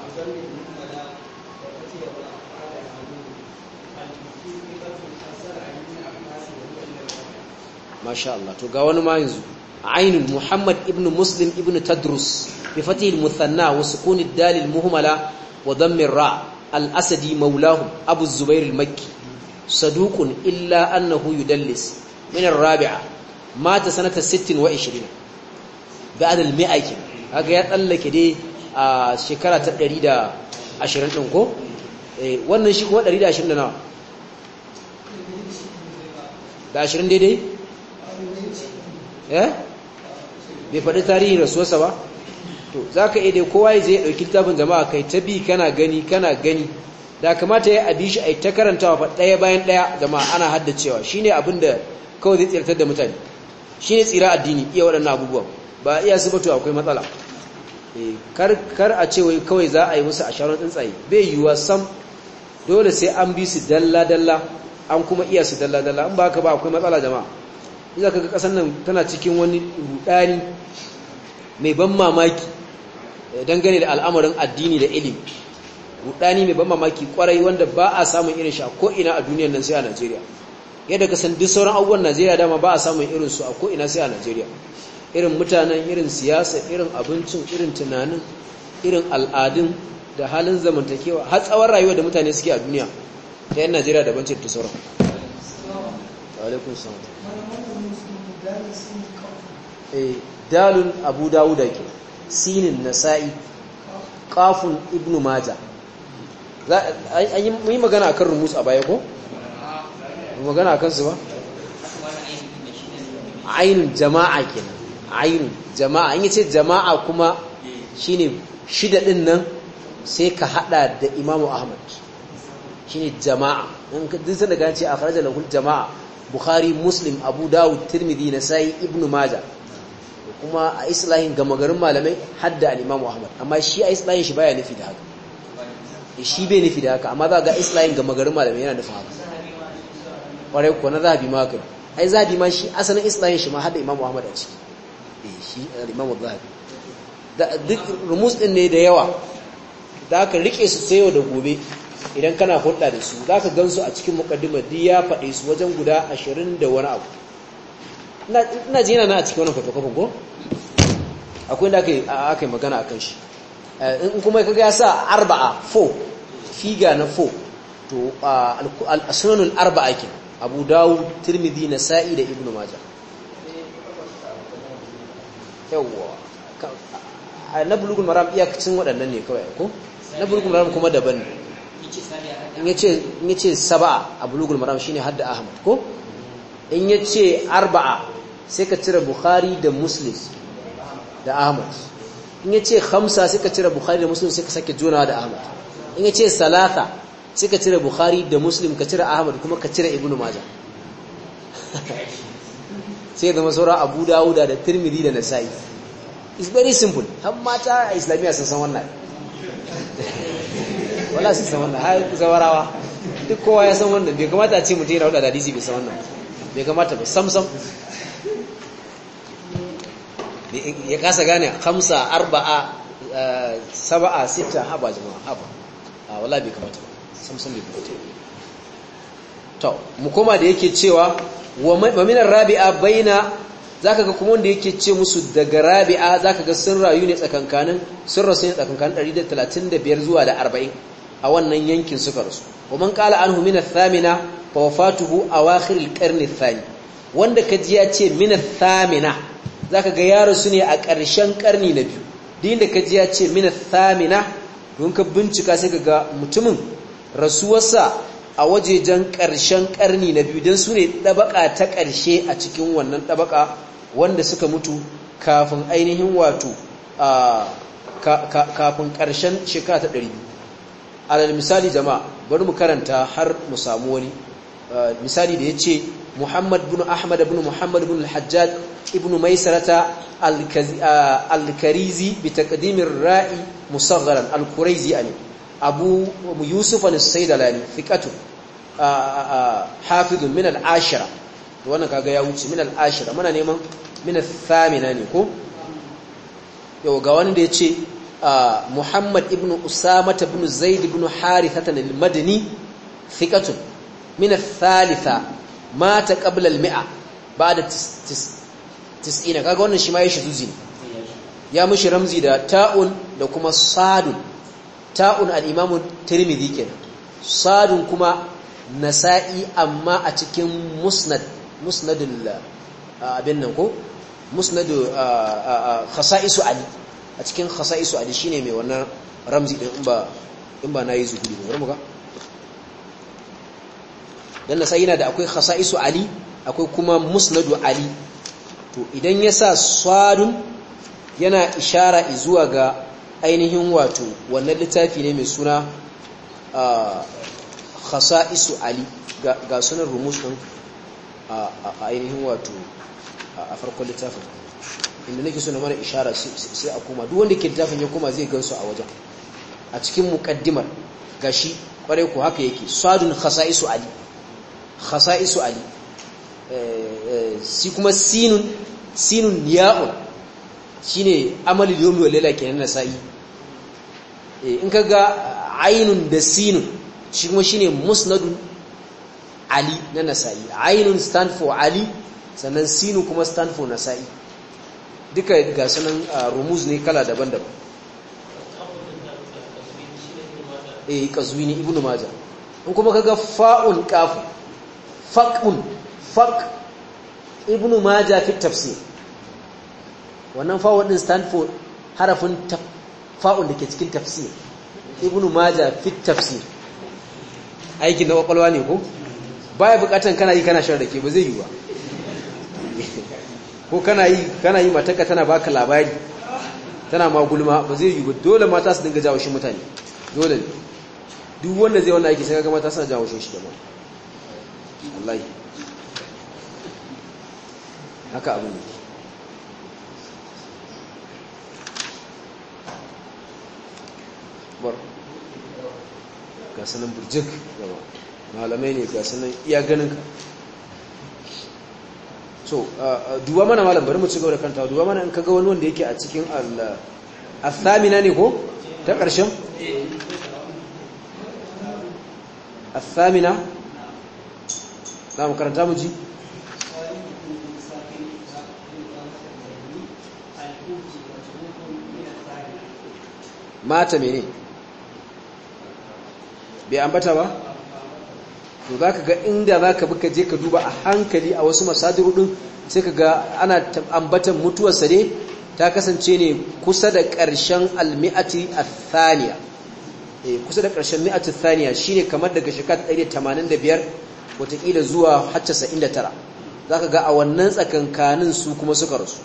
masha Allah to ga wani ma yanzu ainul muhammad ibn muslim ibn tadrus bi fatihil muthanna wa sukunid dalil muhmala wa dammir ra al-asadi maulahu abu zubair al-makki saduqun illa annahu yudallis min ar-rabi'a mata sanata 26 ba'da al-mi'a kin kaga ya tsallake dai a shekara ta 120 din ko eh wannan shi kuma 120 nawa da 20 daidai eh bai faɗi tarihin rasuwarsa ba to za ka iya dai kowa ya zai ɗauki littafin jama'a kai ta bi kana gani kana gani da kamata ya abi shi a yi ta karanta karantawa ɗaya bayan ɗaya jama'a ana haddacewa shi ne abin da kawai zai tsirtar da mutane shi ne tsira addini iya waɗannan abubuwan ba iya su batu akwai matsala eh, kar a ce wai kawai za a yi musu a sharon tsuntsaye bai yiwuwa sam dole sai an bi su dalla-dalla an kuma iya su dalla-dalla in ba haka ba akwai matsala jama'a za ka ga ƙasar nan tana cikin wani rudani mai ban mamaki eh, dangane da al'amarin addini da ilimi rudani mai ban mamaki kwarai wanda ba a samun irin shi a ko'ina a duniyar nan sai a najeriya yadda ka san duk sauran abubuwan najeriya dama ba a samun irin su a ko'ina sai a najeriya irin mutanen irin siyasa irin abincin irin tunanin irin al'adun da halin zamantakewa har tsawon rayuwa da mutane suke a duniya ta yan najeriya daban ce da sauran alaikun salam Eh, dalun abu dawuda ke sinin nasa'i kafun Ibn maja an yi magana a kan rumus a baya ko? magana a kansu ba? ainihin jama'a kenan ainihin jama'a In yi ce jama'a kuma shine shida din nan sai ka hada da imamu ahmad shine jama'a in ka dinsa daga ce a kharajar lahul jama'a bukhari muslim abu dawud tirmidhi nasai Ibn majah kuma a islahin gama garin malamai hadda al imam ahmad amma shi a islahin shi baya nufi da haka eh, shi bai nufi da haka amma za ga islahin gama garin malamai yana nufin haka kwarai kuwa na zahabi ma kai ai bi ma shi asalin islahin shi ma hadda Imam ahmad a ciki eh, shi al Muhammad. zahabi duk rumus din ne da yawa da aka rike su sayo da gobe idan kana hulɗa da su za ka gan su a cikin mukaddimar duk ya faɗe su wajen guda ashirin da wani abu ina jina na a cikin wani fotokofin ko akwai inda aka yi magana a kan shi eh, in kuma kaga ya sa arba'a fo figa na fo to al sunanin arba'a ke abu dawud tirmidhi sa'i da ibnu majah yawwa na bulugun maram iyakacin waɗannan ne kawai ko na bulugun maram kuma daban ne in yace in sab'a a bulugul maram shine hadda ahmad ko in yace arba'a sai ka cire bukhari da muslim da ahmad in yace khamsa sai ka cire bukhari da muslim sai ka sake juna da ahmad in yace salata sai ka cire bukhari da muslim ka cire ahmad kuma ka cire ibnu majah sai da masaura abu dawuda da tirmidhi da nasa'i it's very simple har mata a islamiyya sun san wannan wala su san wannan har zawarawa duk kowa ya san wannan bai kamata a ce mutum yana hudu da hadisi bai san wannan bai kamata ba samsam ya kasa gane hamsa arba'a eh, saba'a sita haba jama'a haba a wala bai kamata ba samsam bai kamata to mu koma da yake cewa wa min rabi'a baina zaka ga kuma wanda yake ce musu daga rabi'a zaka ga sun rayu ne tsakankanin sun rasu ne tsakankanin 135 zuwa da 40 a wannan yankin suka rasu ومن قال عنه من الثامنة فوفاته أواخر القرن الثاني wanda kaji ji ya ce min thamina zaka ga yaro su ne a ƙarshen ƙarni na biyu din da ka ji ya ce min thamina don ka bincika sai ka ga mutumin rasuwarsa a wajejen ƙarshen ƙarni na biyu don su ne dabaka ta ƙarshe a cikin wannan ɗabaƙa wanda suka mutu kafin ainihin wato kafin ƙarshen shekara ta ɗari alal misali jama'a bari mu karanta har mu samu wani uh, misali da yace Muhammad bin Ahmad bin Muhammad bin al-Hajjaj ibn Maisarata uh, al-Karizi bi taqdim rai musagharan al-Quraizi ani, Abu Yusuf al-Saydalani fiqatu uh, hafidun min al-ashira to wannan kaga ya wuce min al-ashira muna neman min al-thamina ne ko yau ga wani da yace muhammad ibn usamata ibn zaid ibn harithata al-madani thiqatun min al-thalitha mata qabla al-mi'a ba'da 90 kaga wannan shi ya shizuzi ne ya mishi ramzi da ta'un da kuma sadun ta'un al-imamu tirmidhi kenan sadun kuma nasa'i amma a cikin musnad musnadul abin nan ko musnadu khasa'isu ali a cikin khasa'isu ali shine mai wannan ramzi din in ba na yi nayi zuhuri ba bari dan yana da akwai khasa'isu ali akwai kuma musnadu ali to idan ya sa swadun yana ishara zuwa ga ainihin wato wannan littafi ne mai suna khasa'isu ali ga sunan rumus ɗin a ainihin wato a farkon littafin inda nake so na mana ishara sai a koma duk wanda ke littafin ya koma zai gansu a wajen a cikin muqaddimar gashi kware ku haka yake sadun khasa'isu ali khasa'isu ali eh, eh, si kuma sinun sinun ya'un shine amali yawmi wal layla kenan nasa'i eh, in ka ga ainun da sinun shi kuma shine musnadun ali na nasa'i ainun stand for ali sannan sinu kuma stand for nasa'i duka ga sunan rumuz ne kala daban-daban eh kazwini ibnu majah in kuma kaga fa'un qaf faqun faq ibnu majah fi tafsir wannan fa'un din stand for harafin fa'un da ke cikin tafsir ibnu majah fi tafsir aikin na kwakwalwa ne ko baya bukatan kana yi kana shar da ke ba zai yi ba ko kana yi kana yi matarka tana baka labari tana ma gulma ba zai yi ba dole mata su dinga jawo shi mutane dole ne duk wanda zai wannan aiki sai kaga mata suna jawo shi shi ma wallahi haka abu ne bar ga sanan burjik gaba malamai ne ga sanan iya ganin ka so uh, uh, duba mana malam bari mu ci gaba da kanta duba mana in kaga wani wanda yake a cikin al-thamina uh, ne ko ta ƙarshen al-thamina za mu karanta mu ji mata mene bai ambata ba to za ka ga inda za ka buka je ka duba a hankali a wasu masadiru ɗin sai ka ga ana ambatan mutuwarsa ne ta kasance ne kusa da ƙarshen almi'ati a thaniya eh, kusa da ƙarshen mi'ati thaniya shi ne kamar daga shekara 85% watakila zuwa har 99 za ka ga a wannan tsakankanin su kuma suka rasu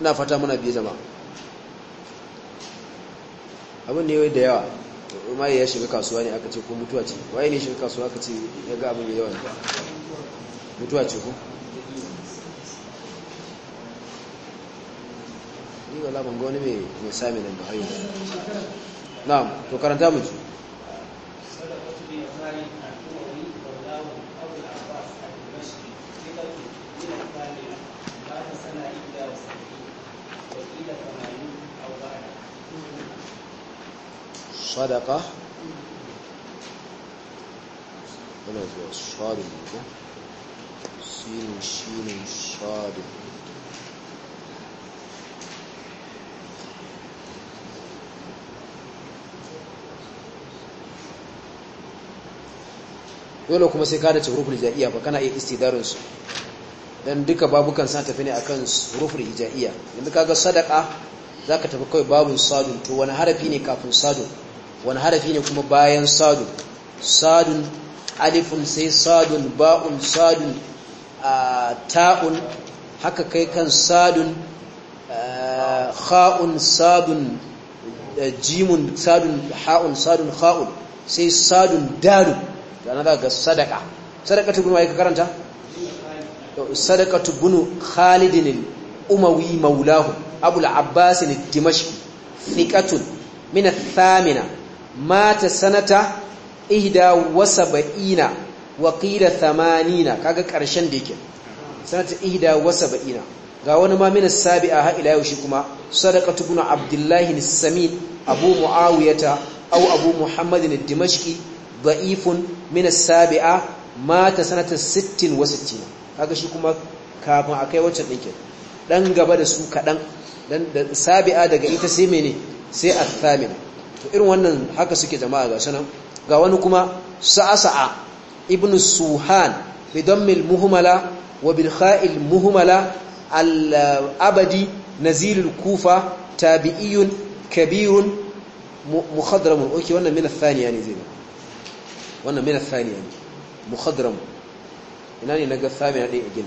ina fata muna biyu zama abin ne da yawa umar ya shiga kasuwa ne aka ce ko mutuwa ce waye ne shiga kasuwa aka ce ya ga abin yawan mutuwa ce ko yi wala ban ga mai sami nan ba na na'am to karanta mutu Thank you. sadaka ana zuwa sadin ko sinin sinin sadin dole kuma sai ka da huruful hijaiya ba kana iya istidarun su dan duka babukan sa tafi ne akan huruful hijaiya yanzu kaga sadaka zaka tafi kai babun sadun to wani harafi ne kafin sadun wani harafi ne kuma bayan sadun sadun alifun sai sadun ba'un sadun ta'un haka kai kan sadun kha'un sadun jimun sadun ha'un sadun kha'un sai sadun dalu dana za ga sadaka sadaka ta gurma ya karanta sadaka ta gunu khalidin umawi maulahu abul abbasin dimashki thiqatun min ath-thamina mata sanata ihda wasa ba'ina wa qila thamanina kaga karshen da yake sanata ihda wasa ba'ina ga wani ma min sabi'a ha ila yaushi kuma sadaqatu ibn abdullahi as-samin abu muawiyata aw abu muhammadin ad-dimashqi da'ifun min as-sabi'a mata sanata 60 wa 60 kaga shi kuma kafin akai waccan dinkin dan gaba da su kadan dan sabi'a daga ita sai mene sai al-thamina to irin wannan haka suke jama'a ga sanan ga wani kuma sa'asa'a ibn suhan bi dammil muhmala wa bil kha'il muhmala al abadi nazil al kufa tabi'iyun kabirun مخضرم اوكي wannan min athani yani zai wannan min athani yani mukhadram ina ne naga thani na dai again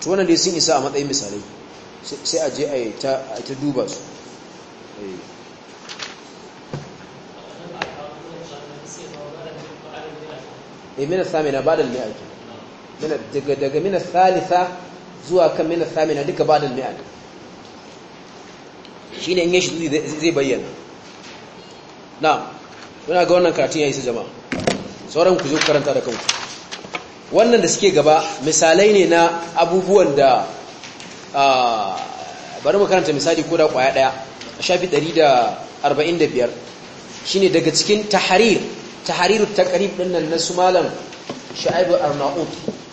to wannan dai sun isa a matsayin misalai sai a je a ta duba su eh. Eh, min samina mi'a ke daga daga salisa zuwa kan min samina duka badal da mi'a shine in ya zai bayyana na muna ga wannan karatun yayi su jama'a sauran ku zo karanta da kanku wannan da suke gaba misalai ne na abubuwan da bari mu karanta misali ko da kwaya daya a shafi 145 shine daga cikin tahrir tahariru taqrib din nan na su malam Shu'aibu Arnaut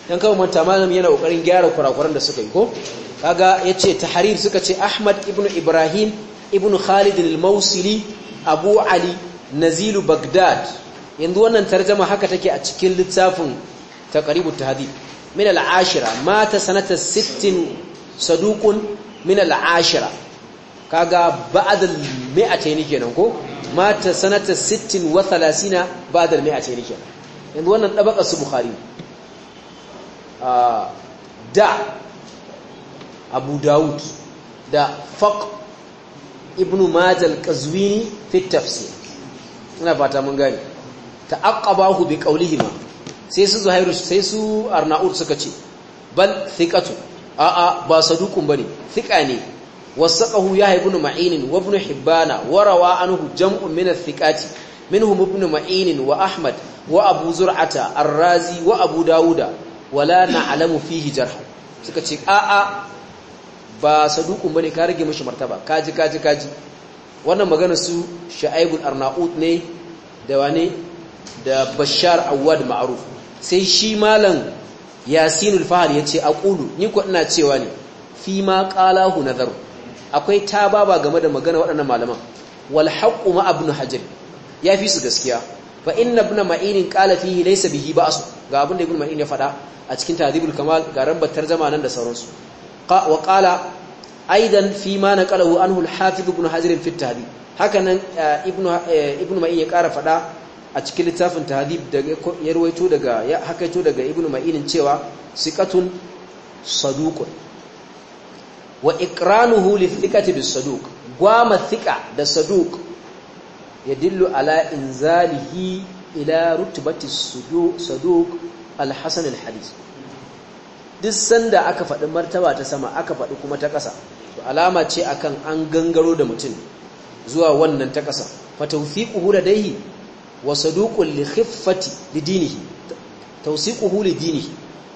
dan kawai manta malam yana kokarin gyara kurakuran da suka yi ko kaga yace tahrir suka ce Ahmad ibn Ibrahim ibn Khalid al-Mawsili Abu Ali Nazilu Baghdad yanzu wannan tarjuma haka take a cikin littafin taqribut tahdhib min al-ashira mata sanata 60 saduqun min al-ashira kaga ba'd al-mi'atayn kenan ko mata sanata 60 wa 30 ba'da al-mi'ati rike yanzu wannan dabaka su bukhari da abu daud da faq ibn majal al-qazwini fi tafsir ina fata mun gane aqabahu bi ma sai su zuhairu sai su arnaud suka ce bal thiqatu a'a ba saduqun bane thiqa ne wasaqahu ya ibn ma'in wa ibn hibbana wa rawa anhu jam'un min ath-thiqati minhum ibn ma'in wa ahmad wa abu zur'ata ar-razi wa abu dauda wala na'lamu fihi jarh suka ce a a ba saduqun bane ka rage mishi martaba kaji kaji kaji wannan magana su sha'aibul arnaut ne da wane da bashar awad ma'ruf sai shi malam yasinul ce yace aqulu ni ko ina cewa ne fi ma qalahu nazaru akwai ta baba game da magana waɗannan malaman wal haqqu ma ibn hajar ya fi su gaskiya fa inna ibn ma'in qala fihi laysa bihi ba'su ga abin da ibn ma'in ya faɗa a cikin tahdhibul kamal ga rabbar tarjuma nan da sauransu wa qala aidan fi ma naqalahu anhu al hafiz ibn hajar fi tahdhib hakanan eh, ibn eh, ibn ma'in ya ƙara faɗa a cikin littafin tahdhib da ya ruwaito daga ya hakaito daga ibn ma'in cewa siqatun saduqun wa ikranuhu lithiqati bisaduq gwama thiqa da saduq yadullu ala inzalihi ila rutbati saduq alhasan alhadith duk sanda aka faɗi martaba ta sama aka faɗi kuma ta ƙasa to alama ce akan an gangaro da mutum zuwa wannan ta ƙasa fa tawfiquhu ladayhi wa saduqun li khiffati lidinihi tawsiquhu dinihi.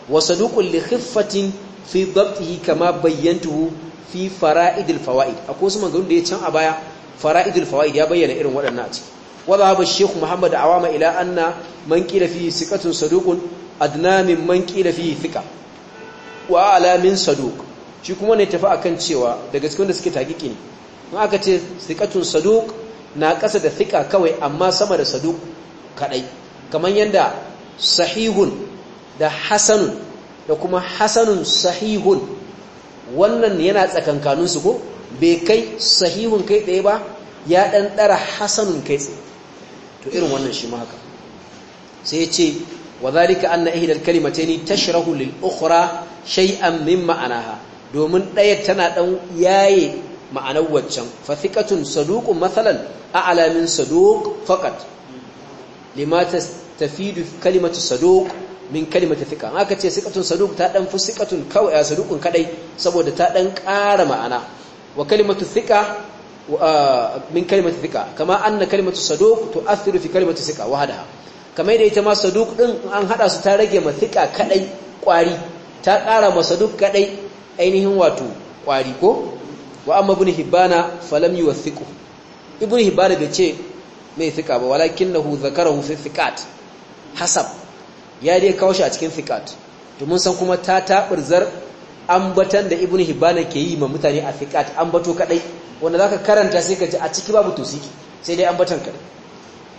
wa saduqun li khiffatin fi dabtihi kama bayyantuhu fi fara'idil fawaid akwai wasu maganganu da ya can a baya fara'idil fawaid ya bayyana irin waɗannan a ciki وذهب الشيخ محمد عوام إلى أن من قيل فيه ثقة صدوق أدنى من من fi فيه ثقة وأعلى min saduƙ shi kuma ne tafi akan cewa daga cikin da suke taƙiƙi ne in aka ce thiqatun saduq na ƙasa da thiqa kawai amma sama da saduq kaɗai kamar yanda sahihun da hasanun da kuma hasanun sahihun wannan yana tsakankaninsu ko bai kai sahihun kai tsaye ba ya ɗan ɗara hasanun kai tsaye to irin wannan shi haka sai ce wa zalika anna ihdal kalimataini tashrahu lil ukhra shay'an min ma'anaha domin ɗaya tana ɗan yaye ma'anar waccan fa thiqatun saduqun mathalan alamin min saduq faqat lima tafidu kalimatu saduq min kalimata fika aka ce siqatun saduq ta dan fi kawai ya saduqun kadai saboda ta dan ƙara ma'ana wa kalimatu thika min kalimatu thiqa kama anna kalimatu saduq tu'athiru fi kalimatu thiqa wahdaha kamar da ita ma saduq din an hada su ta rage ma thika kadai kwari ta ƙara ma saduq kadai ainihin wato kwari ko wa amma ibn hibana falam yuwathiqu ibn hibana bace ce mai thika ba walakinahu zakarahu fi thiqat hasab ya dai kawo shi a cikin fiqat domin san kuma ta tabirzar ambatan da ibnu hibana ke yi ma mutane a fiqat ambato kadai wanda zaka karanta sai ka ji a ciki babu tusiki sai dai ambatan kadai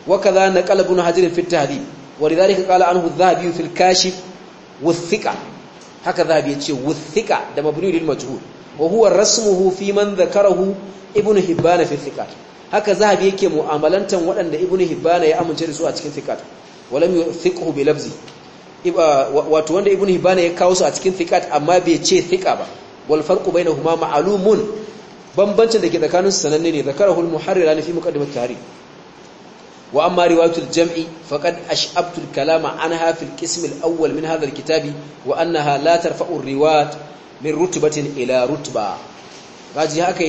wa kaza naqala ibnu hajar fi tahdhib wa lidhalika qala anhu adh-dhahabi fi al-kashif wa thiqa haka dhahabi yace wa thiqa da mabni lil majhul wa huwa rasmuhu fi man dhakarahu ibnu hibana fi thiqat haka zahabi yake mu'amalantan waɗanda ibnu hibana ya amince da su a cikin thiqat walam yuthiquhu bi lafzi wato wanda ibnu hibana ya kawo su a cikin thiqat amma bai ce thiqa ba wal farqu bainahuma ma'lumun bambancin da ke tsakanin sananne ne zakarahu al-muharrir fi muqaddimat tarikh wa amma riwayatul jam'i faqad ash'abtu al-kalama anha fi al-qism al-awwal min hadha al-kitabi wa annaha la tarfa'u ar-riwayat min rutbatin ila rutba kaji haka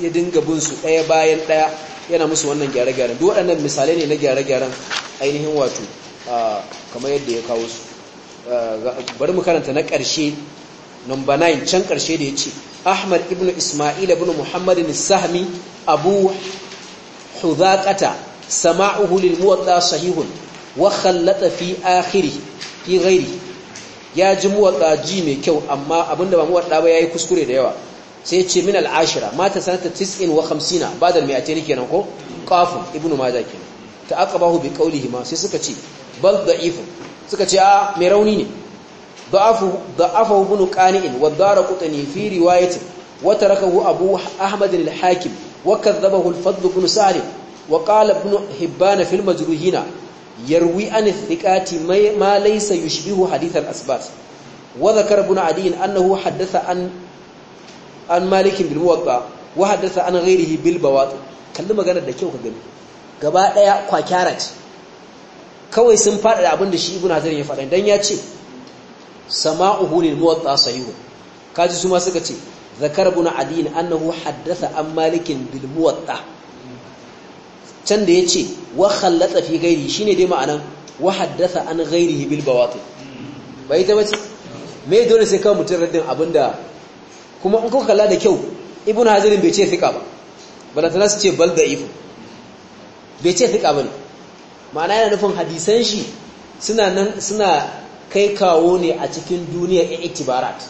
ya dinga bin su daya bayan daya yana musu wannan gyare-gyaren duk waɗannan misalai ne na gyare-gyaren ainihin wato kamar yadda ya kawo su bari mu karanta na ƙarshe number 9 can ƙarshe da ya ce ahmad ibn isma'il ibn muhammadin sahmi abu hudhaqata sama'uhu lil muwatta sahihun wa khallata fi akhiri fi ghairi ya ji muwatta ji mai kyau amma abinda ba muwatta ba ya yi kuskure da yawa sai ce min al'ashira mata sanata 59 ba da mi'atain kenan ko qaf ibnu majah kenan ta aqabahu bi qawlihi ma sai suka ce bal da'if suka ce a mai rauni ne da'afu da'afahu ibn qani'in wa daraqutani fi riwayatin wa tarakahu abu ahmad al-hakim wa kadhabahu al-fadl ibn salim wa qala ibn hibban fi al-majruhina yarwi an thiqati ma laysa yushbihu hadith al-asbat wa dhakara ibn adi annahu haddatha an an malikin bil muwatta wa haddatha an ghairihi bil kalli maganar da kyau ka gani gaba ɗaya kwakyara ce kawai sun fada da abin da shi ibnu hazar ya faɗa. dan ya ce sama'uhu lil muwatta sahihun kaji su ma ka ce zakar ibn adin annahu haddatha an malikin bil can da ya ce. wa khallata fi ghairi shine dai ma'anan wa haddatha an ghairihi bil bawatin bai ta ce. me dole sai kawai mutum raddin abinda kuma in kuka kalla da kyau ibn hazirin bai ce fiqa ba balantana su ce bal da'if bai ce fiqa bane ma'ana yana nufin hadisan shi suna nan suna kai kawo ne a cikin duniya duniyar i'tibarat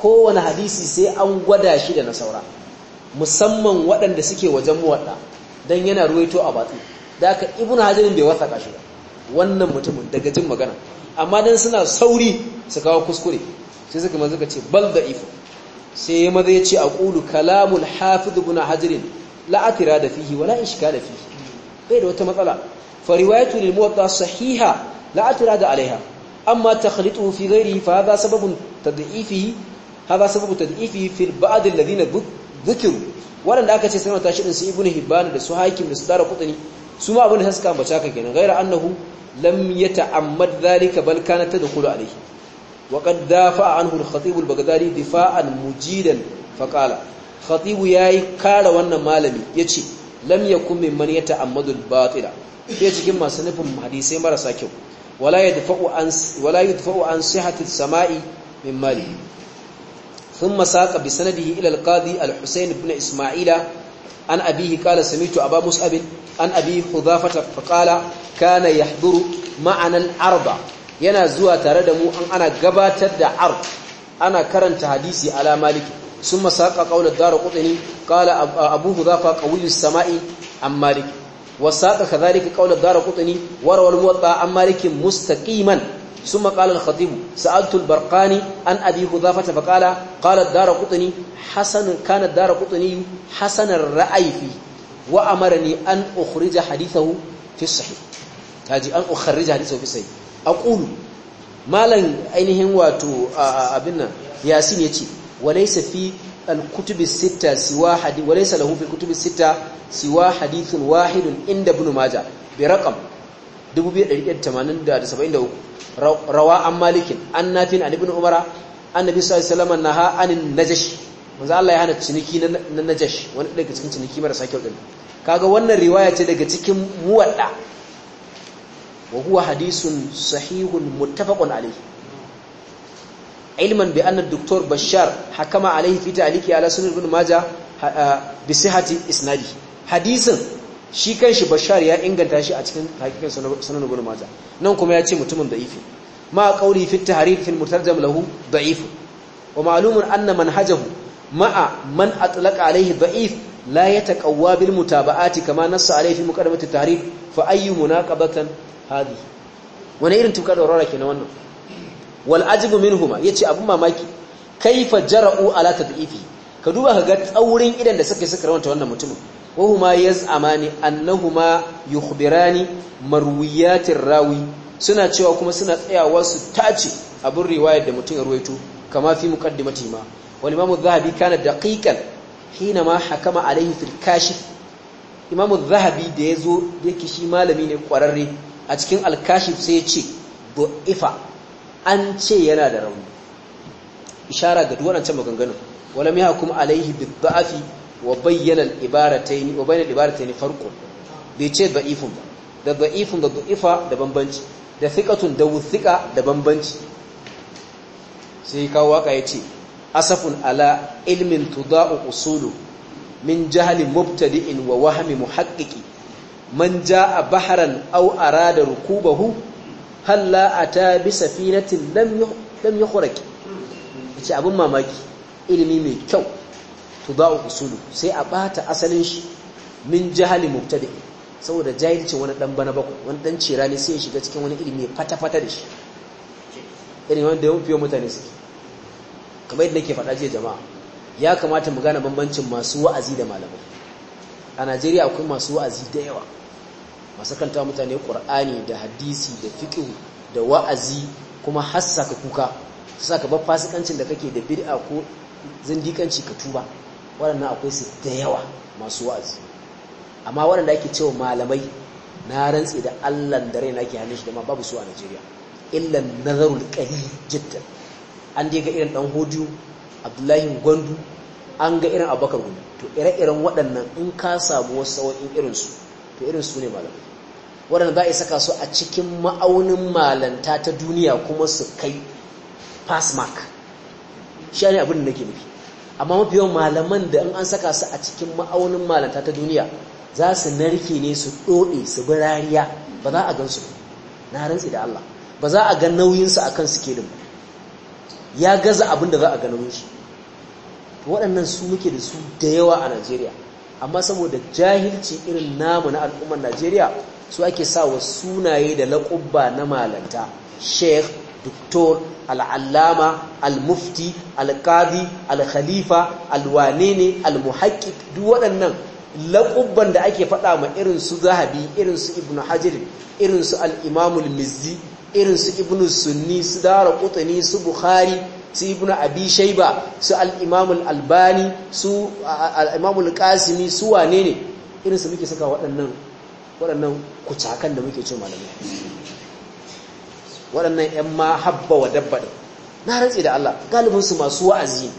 kowane hadisi sai an gwada shi da na saura musamman waɗanda suke wajen muwadda dan yana ruwaito a batsi da aka ibn hazirin bai wasa shi wannan mutumin daga jin magana amma dan suna sauri su kawo kuskure sai suka manzo ka ce bal da'ifu sai ya maza ya ce a ƙulu kalamun hafizu guna hajirin la'atira da fihi wala ishka da fihi bai da wata matsala fariwayatu lil muwatta sahiha la'atira da alaiha amma takhlitu fi ghairihi fa hadha sababun tad'ifihi fi ba'd alladhina dhukiru wanda aka ce sai mata shi din su ibnu hibban da su hakim da su tsara kudani su ma abin da haska ambata ka kenan gaira annahu lam yata'ammad dhalika bal da tadkhulu alaihi وقد دافع عنه الخطيب البغدادي دفاعا مجيدا فقال خطيب yayi kara wannan malami yace lam yakun mimman yata'ammadu al-batila ya cikin masu nufin hadisi marasa kyau wala yadfa'u an wala an sihhati samai min mali thumma saqa bi sanadihi ilal al-qadi al-husayn ibn isma'ila an abihi qala sami'tu aba mus'ab an abi hudhafah faqala kana yahduru ma'ana al-arba yana zuwa tare da mu an ana gabatar da ar ana karanta hadisi ala maliki sun masaka ƙaunar dara ƙutsini ƙala abu huzafa ƙawilin sama'i an maliki wasaƙa ka zalika ƙaunar dara ƙutsini warawar muwaɗa an malikin mustaƙiman sun maƙalar khatibu sa'adtul barƙani an abi huzafa ta faƙala ƙalar dara ƙutsini kanar dara ƙutsini hasanar ra'aifi wa amara ni an ukhrija hadithahu fi sahih kaji an ukhrija hadithahu fi sahih aqulu malam ainihin wato abin nan yasin yace walaysa fi al-kutub as-sitta siwa hadith walaysa lahu fi kutub as-sitta siwa hadithun wahidun inda ibn majah bi raqam 2873 rawa an malikin an nafin an ibn umara annabi sallallahu alaihi wasallam naha anin najash manzo Allah ya hana ciniki na najash wani daga cikin ciniki marasa kyau din kaga wannan riwaya ce daga cikin muwadda wa huwa hadisun sahihun muttafaqun alayhi ilman bi anna ad-doktor Bashar hakama alayhi fi ta'liqi ala sunan ibn Majah bi sihhati isnadi hadisin shi kanshi Bashar ya inganta shi a cikin hakikan sunan ibn Majah nan kuma ya ce mutumin da'ifi ma qawli fi at-tahrir fi al-mutarjam lahu da'if wa ma'lumun anna manhajahu ma'a man atlaqa alayhi da'if لا يتقوى بالمتابعات mutaba'ati kama عليه في مقدمه التعريف فاي fa هذه وانا hadi wani irin tuka wannan والعجب منهما يتي ابو ماماكي mamaki جرؤوا jara'u ala كدوبا ka duba ka ga tsaurin idan da suka wannan mutumin وهما يزعمان annahuma يخبران مرويات rawi suna cewa kuma suna tsayawa su tace abin روايه da mutum ya ruwaito kama fi muqaddimati ma wal imamu dhahabi kana daqiqan hina ma hakama alaihi fil kashif imamu zahabi da ya zo yake shi malami ne kwararre a cikin alkashif sai ya ce do'ifa an ce yana da rauni ishara ga duwancan maganganun wala mai alayhi alaihi bidda'afi wa bayyana al'ibarataini wa bayyana al'ibarataini farko bai ce da'ifun ba da da'ifun da do'ifa da bambanci da thiqatun da wuthiqa da bambanci sai kawo waka ya ce asafun ala ilmin tuda'u usulu min jahalin mubtadi'in wa wahmi muhaqqiqi man jaa baharan aw arada rukubahu hal la ata bi safinatin lam lam yukhraq ce abun mamaki ilimi mai kyau tuda'u usulu sai a bata asalin shi min jahalin mubtadi'in saboda jahilcin wani dan bana bakwai wani dan cira ne sai ya shiga cikin wani ilimi fata-fata da shi irin wanda ya fiye mutane suke kamar yadda nake faɗa jiya jama'a ya kamata mu gane bambancin masu wa'azi da malamai a Najeriya akwai masu wa'azi da yawa masu kanta mutane kur'ani da hadisi da fiqh da wa'azi kuma hassa ka kuka saka ba fasikancin da kake da bid'a ko zindikanci ka tuba waɗannan akwai su da yawa masu wa'azi amma waɗanda ake cewa malamai na rantse da Allah da raina ke hannun shi da ma babu su a Najeriya illan nazarul qalil jiddan an dai ga irin dan hodiyo abdullahi gwandu an ga irin abubakar gudu to ire-iren waɗannan in ka samu wasu sawa'in irinsu to irinsu ne malamai waɗanda za a saka su a cikin ma'aunin malanta ta duniya kuma su kai pass mark shi ne abin da nake nufi amma mafi yawan malaman da in an saka su a cikin ma'aunin malanta ta duniya za su narke ne su ɗoɗe su bi rariya ba za a gan su na rantsi da Allah ba za a gan nauyinsu a kan kelin ba ya gaza abin da za a gano shi waɗannan su muke da su da yawa a Najeriya amma saboda jahilci irin namu na al'ummar Najeriya su ake sa wa sunaye da laƙubba na malanta sheikh doktor al'allama al-mufti al kadi al-khalifa al-wanene al muhakki duk waɗannan laƙubban da ake faɗa ma irin su zahabi irin su ibnu hajji irin su al-imamul mizzi irin su ibnu sunni su dara kutani su bukhari su Ibn abi shaiba su al-imamul albani su al-imamul qasimi su wane ne irin su muke saka waɗannan waɗannan kucakan da muke ce malamai waɗannan ƴan ma habba wa dabba na rantsi da Allah galibin su masu wa'azi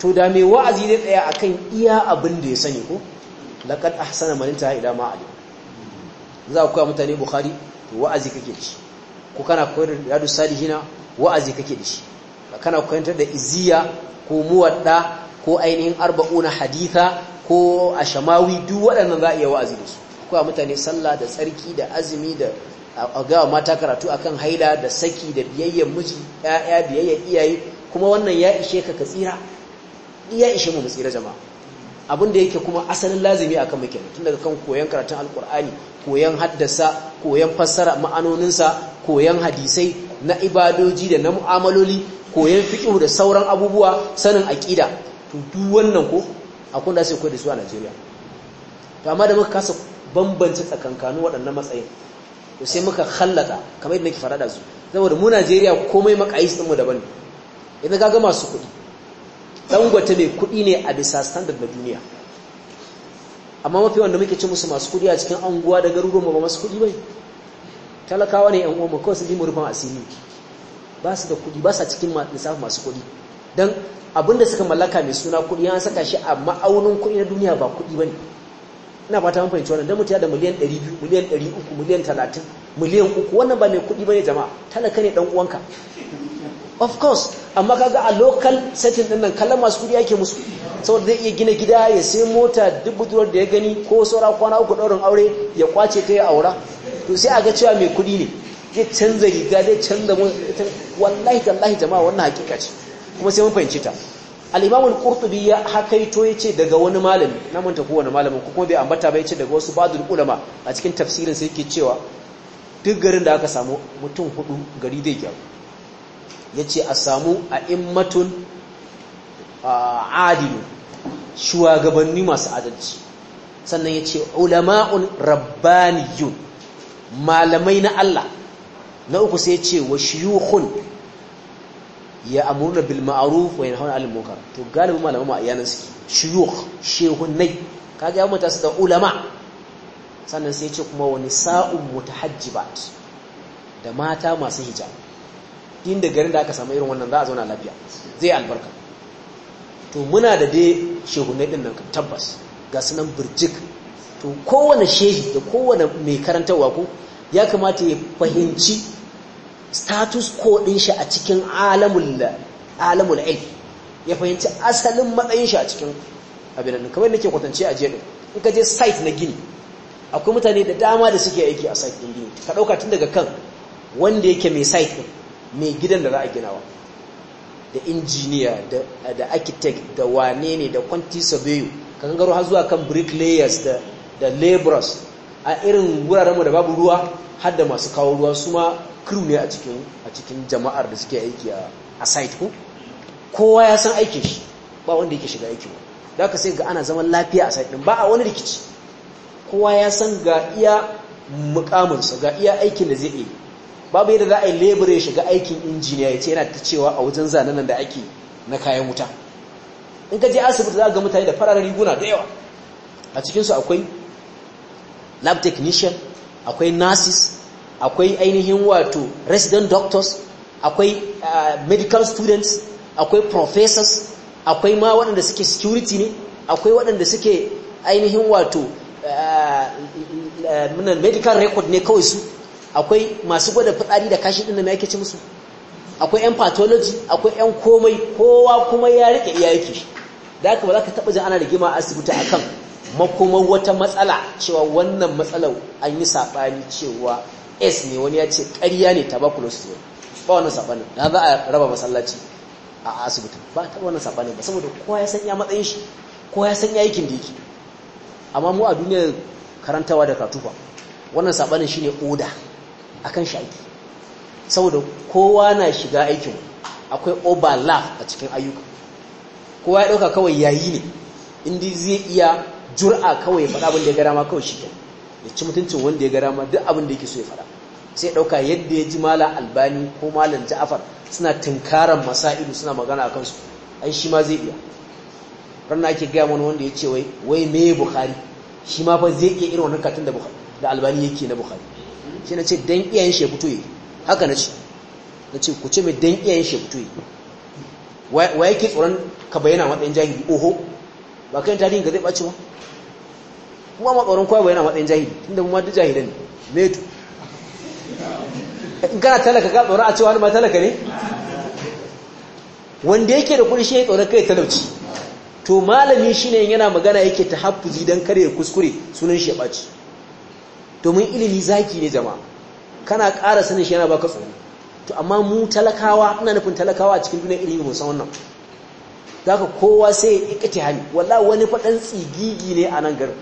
to da mai wa'azi ne tsaya akan iya abin da ya sani ko laqad ahsana man ta ila ma za ku mutane bukhari wa'azi kake ci ko kana koyar da yadu salihina wa'azi kake da shi kana koyar da iziya ko muwadda ko ainihin arba'una haditha ko a shamawi duk waɗannan za a iya wa'azi da su a mutane sallah da tsarki da azumi da agawa mata karatu akan haila da saki da biyayyar miji ya'ya biyayyar iyaye kuma wannan ya ishe ka ka tsira ya ishe mu tsira jama'a abin da yake kuma asalin lazimi a kan muke tun daga kan koyon karatun alkur'ani koyan haddasa koyan fassara ma'anoninsa koyan hadisai na ibadoji da na mu'amaloli koyan fiqh da sauran abubuwa sanin aƙida to wannan ko akwai da sai koyi da su a Najeriya to amma da muka kasa bambance tsakankanu waɗannan matsayin to sai muka khallata kamar yadda nake fara da su saboda mu Najeriya komai makayis din mu daban idan ka ga masu kuɗi dangwata mai kuɗi ne a bisa standard na duniya amma mafi wanda muke ci musu masu kuɗi a cikin anguwa da garuruwan ba masu kuɗi bai talakawa ne yan uwa ma kawai su ji mu asiri ba su da kuɗi ba sa cikin lissafin masu kuɗi don abinda suka mallaka mai suna kuɗi an saka shi a ma'aunin kuɗi na duniya ba kuɗi ne ina fata mun fahimci wannan don mutum ya da miliyan 200 miliyan 300 miliyan 30 miliyan 3 wannan ba mai kuɗi ne jama'a talaka ne dan uwanka of course amma kaga a local setting din nan kallon masu kudi ake musu saboda zai iya gina gida ya sai mota duk buduwar da ya gani ko saura kwana uku daurin aure ya kwace ta ya aura to sai a ga cewa mai kudi ne zai canza riga zai canza wallahi tallahi jama'a wannan hakika ce kuma sai mun fahimci ta al-imam al-qurtubi ya hakaito yace daga wani malami na mun ko wani malamin ko kuma bai ambata ba yace daga wasu badul ulama a cikin tafsirin sai yake cewa duk garin da aka samu mutum hudu gari zai gyaru ya ce a samu a immatun adilu shugabanni masu adalci sannan ya ce ulama'un rabbaniyun malamai na Allah na uku sai ya ce wa shiyuhun ya amurna bil ma'ruf wa yanhauna 'anil munkar to galibin malamai ma ayanan suke shuyukh shehunnai kaga yawan mutasa da ulama sannan sai ya ce kuma wani sa'un mutahajjibat da mata masu hijab inda garin da aka samu irin wannan za a zauna lafiya zai albarka to muna da dai shehunai din nan tabbas ga sunan birjik to kowane shehi da kowane mai karantarwa ko ya kamata ya fahimci status ko din shi a cikin alamul ilm ya fahimci asalin matsayin shi a cikin abin nan kamar nake kwatance a jiya in ka je site na gini akwai mutane da dama da suke aiki a site din gini ka dauka tun daga kan wanda yake mai site din mai gidan da za a ginawa da injiniya da architect da wane ne da kwanti sabeyo kan garo har zuwa kan bricklayers da da laborers a irin wurarenmu da babu ruwa har da masu kawo ruwa su ma crew ne a cikin jama'ar da suke aiki a site ko kowa ya san aikin shi ba wanda yake shiga aikin da haka sai ga ana zaman lafiya a site din ba a wani rikici kowa ya san ga iya mukaminsa ga iya aikin da zai yi babu yadda za a yi lebura shiga aikin injiniya ya ce yana ta cewa a wajen zanen nan da ake na kayan wuta in ka je asibiti za ga mutane da farar riguna da yawa a cikinsu akwai lab technician akwai nurses akwai ainihin wato resident doctors akwai uh, medical students akwai professors akwai ma waɗanda suke security ne akwai waɗanda suke ainihin wato uh, uh, medical record ne kawai su akwai masu gwada fitsari da kashi din da me yake ci musu akwai yan pathology akwai yan komai kowa kuma ya rike iya yake da haka ba za ka taba jin ana rigima a asibiti akan makoman wata matsala cewa wannan matsalar an yi sabani cewa S ne wani ya ce ƙarya ne tuberculosis ne ba wannan sabanin da za a raba masallaci a asibiti ba ta wannan sabanin ba saboda kowa ya san ya matsayin shi kowa ya san ya yi da yake amma mu a duniyar karantawa da katufa wannan sabanin shine oda a shi aiki saboda kowa na shiga aikin akwai overlap a cikin ayyuka kowa ya ɗauka kawai yayi ne indi zai iya jur'a kawai ya faɗa abin ya gara ma kawai shi kenan ya ci mutuncin wanda ya gara ma duk abinda da yake so ya faɗa sai ɗauka yadda ya ji malam albani ko malam ja'afar suna tunkaran masa'ilu suna magana a kansu ai shi ma zai iya ranar ake gaya wani wanda ya ce wai wai me bukhari shi ma fa zai iya irin wannan katin da albani yake na bukhari shi na ce don iyayen shi ya fito yi haka na ce na ce ku ce mai don iyayen shi ya fito yi wa yake tsoron ka bayyana matsayin jahili oho ba kai tarihin ka zai ɓaci ba kuma ma tsoron kawai bayyana matsayin jahili inda mu ma duk jahilan ne metu in kana talaka ka tsoron a cewa ni ma talaka ne wanda yake da kuɗi shi ya tsoron kai talauci to malami shine yana magana yake ta hafuzi don kare kuskure sunan shi ya ɓaci domin ilimi zaki ne jama'a kana kara sanin shi yana baka tsoro to amma mu talakawa ina nufin talakawa a cikin duniyar ilimi musamman nan zaka kowa sai ya ikati hali wallahi wani faɗan tsigigi ne a nan garin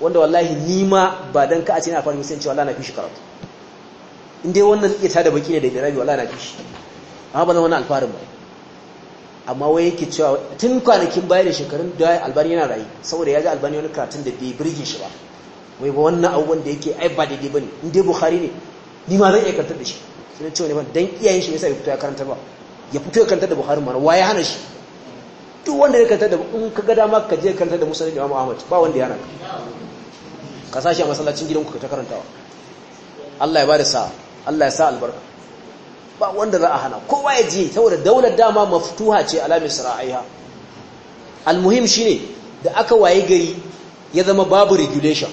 wanda wallahi ma ba dan ka a cikin afarin sai cewa wallahi na fi karatu in dai wannan zai da baki ne da darabi wallahi na fi shi amma ba zan wani alfarin ba amma wai yake cewa tun kwanakin baya da shekarun da albani yana rayu saboda ya ji albani wani karatun da bai birge shi ba wai ba wannan abubuwan da yake ai ba daidai bane in dai bukhari ne ni ma zan iya karanta da shi sai na wani ba dan iyayen shi yasa ya fito ya karanta ba ya fito ya karanta da bukhari mana waye hana shi duk wanda ya karanta da in ka ga dama ka je karanta da musulmi imam ahmad ba wanda ya hana ka sashi a masallacin ku ka ta karantawa Allah ya bada sa Allah ya sa albarka ba wanda za a hana kowa ya je saboda daular dama maftuha ce alamin sara'aiha almuhim shine da aka waye gari ya zama babu regulation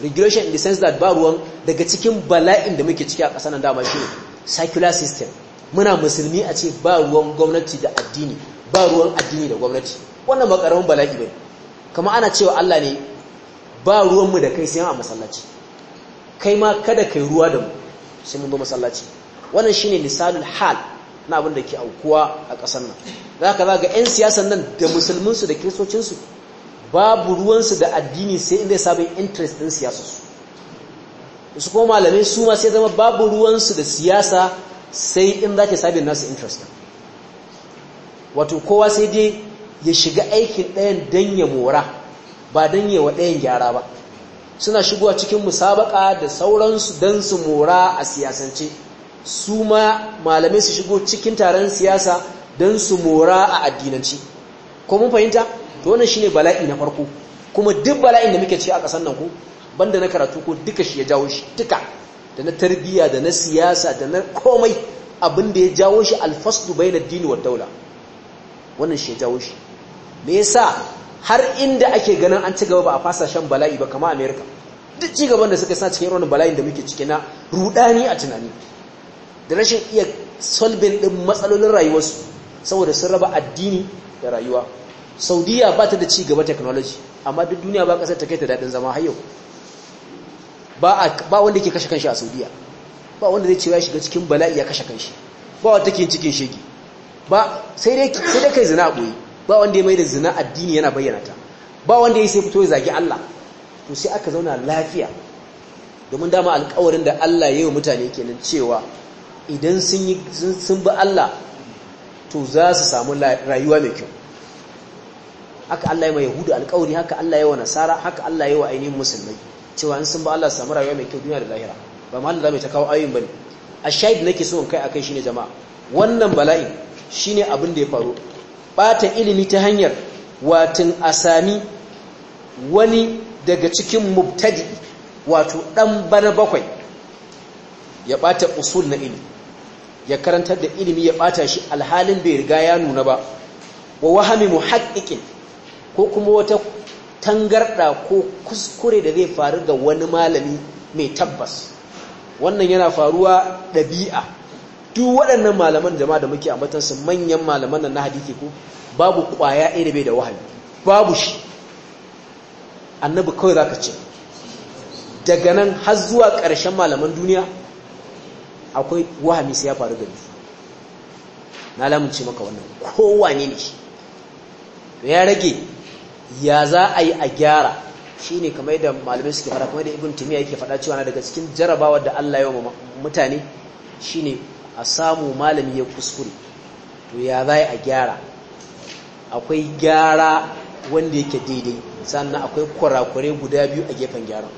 regulation in the sense that ba ruwan daga cikin bala'in da muke ciki a ƙasar nan dama shi secular system muna musulmi a ce ba ruwan gwamnati da addini ba ruwan addini da gwamnati wannan ba karamin bala'i bane kama ana cewa Allah ne ba ruwanmu da kai sai a masallaci kai ma kada kai ruwa da mu sai mun ba masallaci wannan shine misalul hal na abin da ke aukuwa a ƙasar nan zaka ga 'yan siyasan nan da musulminsu da kiristocinsu babu ruwansu da addini sai inda ya sabon interest ɗin siyasa su kuma malamai su ma sai zama babu ruwansu da siyasa sai in za sabon nasu interest wato kowa sai dai ya shiga aikin ɗayan don ya mora ba don yawa ɗayan gyara ba suna shigowa cikin musabaka da sauransu don su mora a siyasance su ma malamai su shigo cikin taron siyasa don su mora a addinance. ko mun fahimta to wannan shine bala'i na farko kuma duk bala'in da muke ci a kasar nan ko banda na karatu ko duka shi ya jawo shi duka da na tarbiyya da na siyasa da na komai abinda ya jawo shi alfasdu bayna dini wa daula wannan shi ya jawo shi me yasa har inda ake ganin an ci gaba ba a fasa shan bala'i ba kamar America duk ci gaban da suka sa cikin wannan bala'in da muke ciki na rudani a tunani da rashin iya solving din matsalolin rayuwarsu saboda sun raba addini da rayuwa saudiya ba ta da ci gaba technology amma duk duniya ba kasar ta kai ta daɗin zama har yau ba wanda ke kashe kanshi a saudiya ba wanda zai cewa ya shiga cikin bala'i ya kashe kanshi ba wanda ke cikin shege ba sai dai kai zina a ba wanda ya mai da zina addini yana bayyana ta ba wanda ya sai fito ya zagi Allah to sai aka zauna lafiya domin dama alƙawarin da Allah ya yi mutane kenan cewa idan sun sun bi Allah to za su samu rayuwa mai kyau haka Allah ya yahudu alƙawuri haka Allah ya wa nasara haka Allah ya wa ainihin musulmai cewa in sun ba Allah samu rayuwa mai kyau duniya da lahira ba mahallin da mai ta kawo ayoyin bane a shaid nake so in kai akai shine jama'a wannan bala'in shine abin da ya faru bata ilimi ta hanyar watin asami wani daga cikin mubtadi wato ɗan bana bakwai ya bata usul na ilimi ya karantar da ilimi ya bata shi alhalin bai riga ya nuna ba wa wahami muhaqqiqin ko kuma wata tangarɗa ko kuskure da zai faru ga wani malami mai tabbas wannan yana faruwa ɗabi'a duk waɗannan malaman jama'a da muke ambatan su manyan malaman nan na hadithi ko babu ƙwaya iri bai da wahayi babu shi annabi kawai zaka ce daga nan har zuwa ƙarshen malaman duniya akwai wahami sai ya faru da gari na lamunce maka wannan kowa ne ne ya rage ya za a yi a gyara shi ne kamar yadda malamai suke fara kuma yadda ibn timiya yake fada cewa na daga cikin jarabawar da Allah ya wa mutane ne a samu malami ya kuskure to ya za a gyara akwai gyara wanda yake daidai sannan akwai kurakure guda biyu a gefen gyara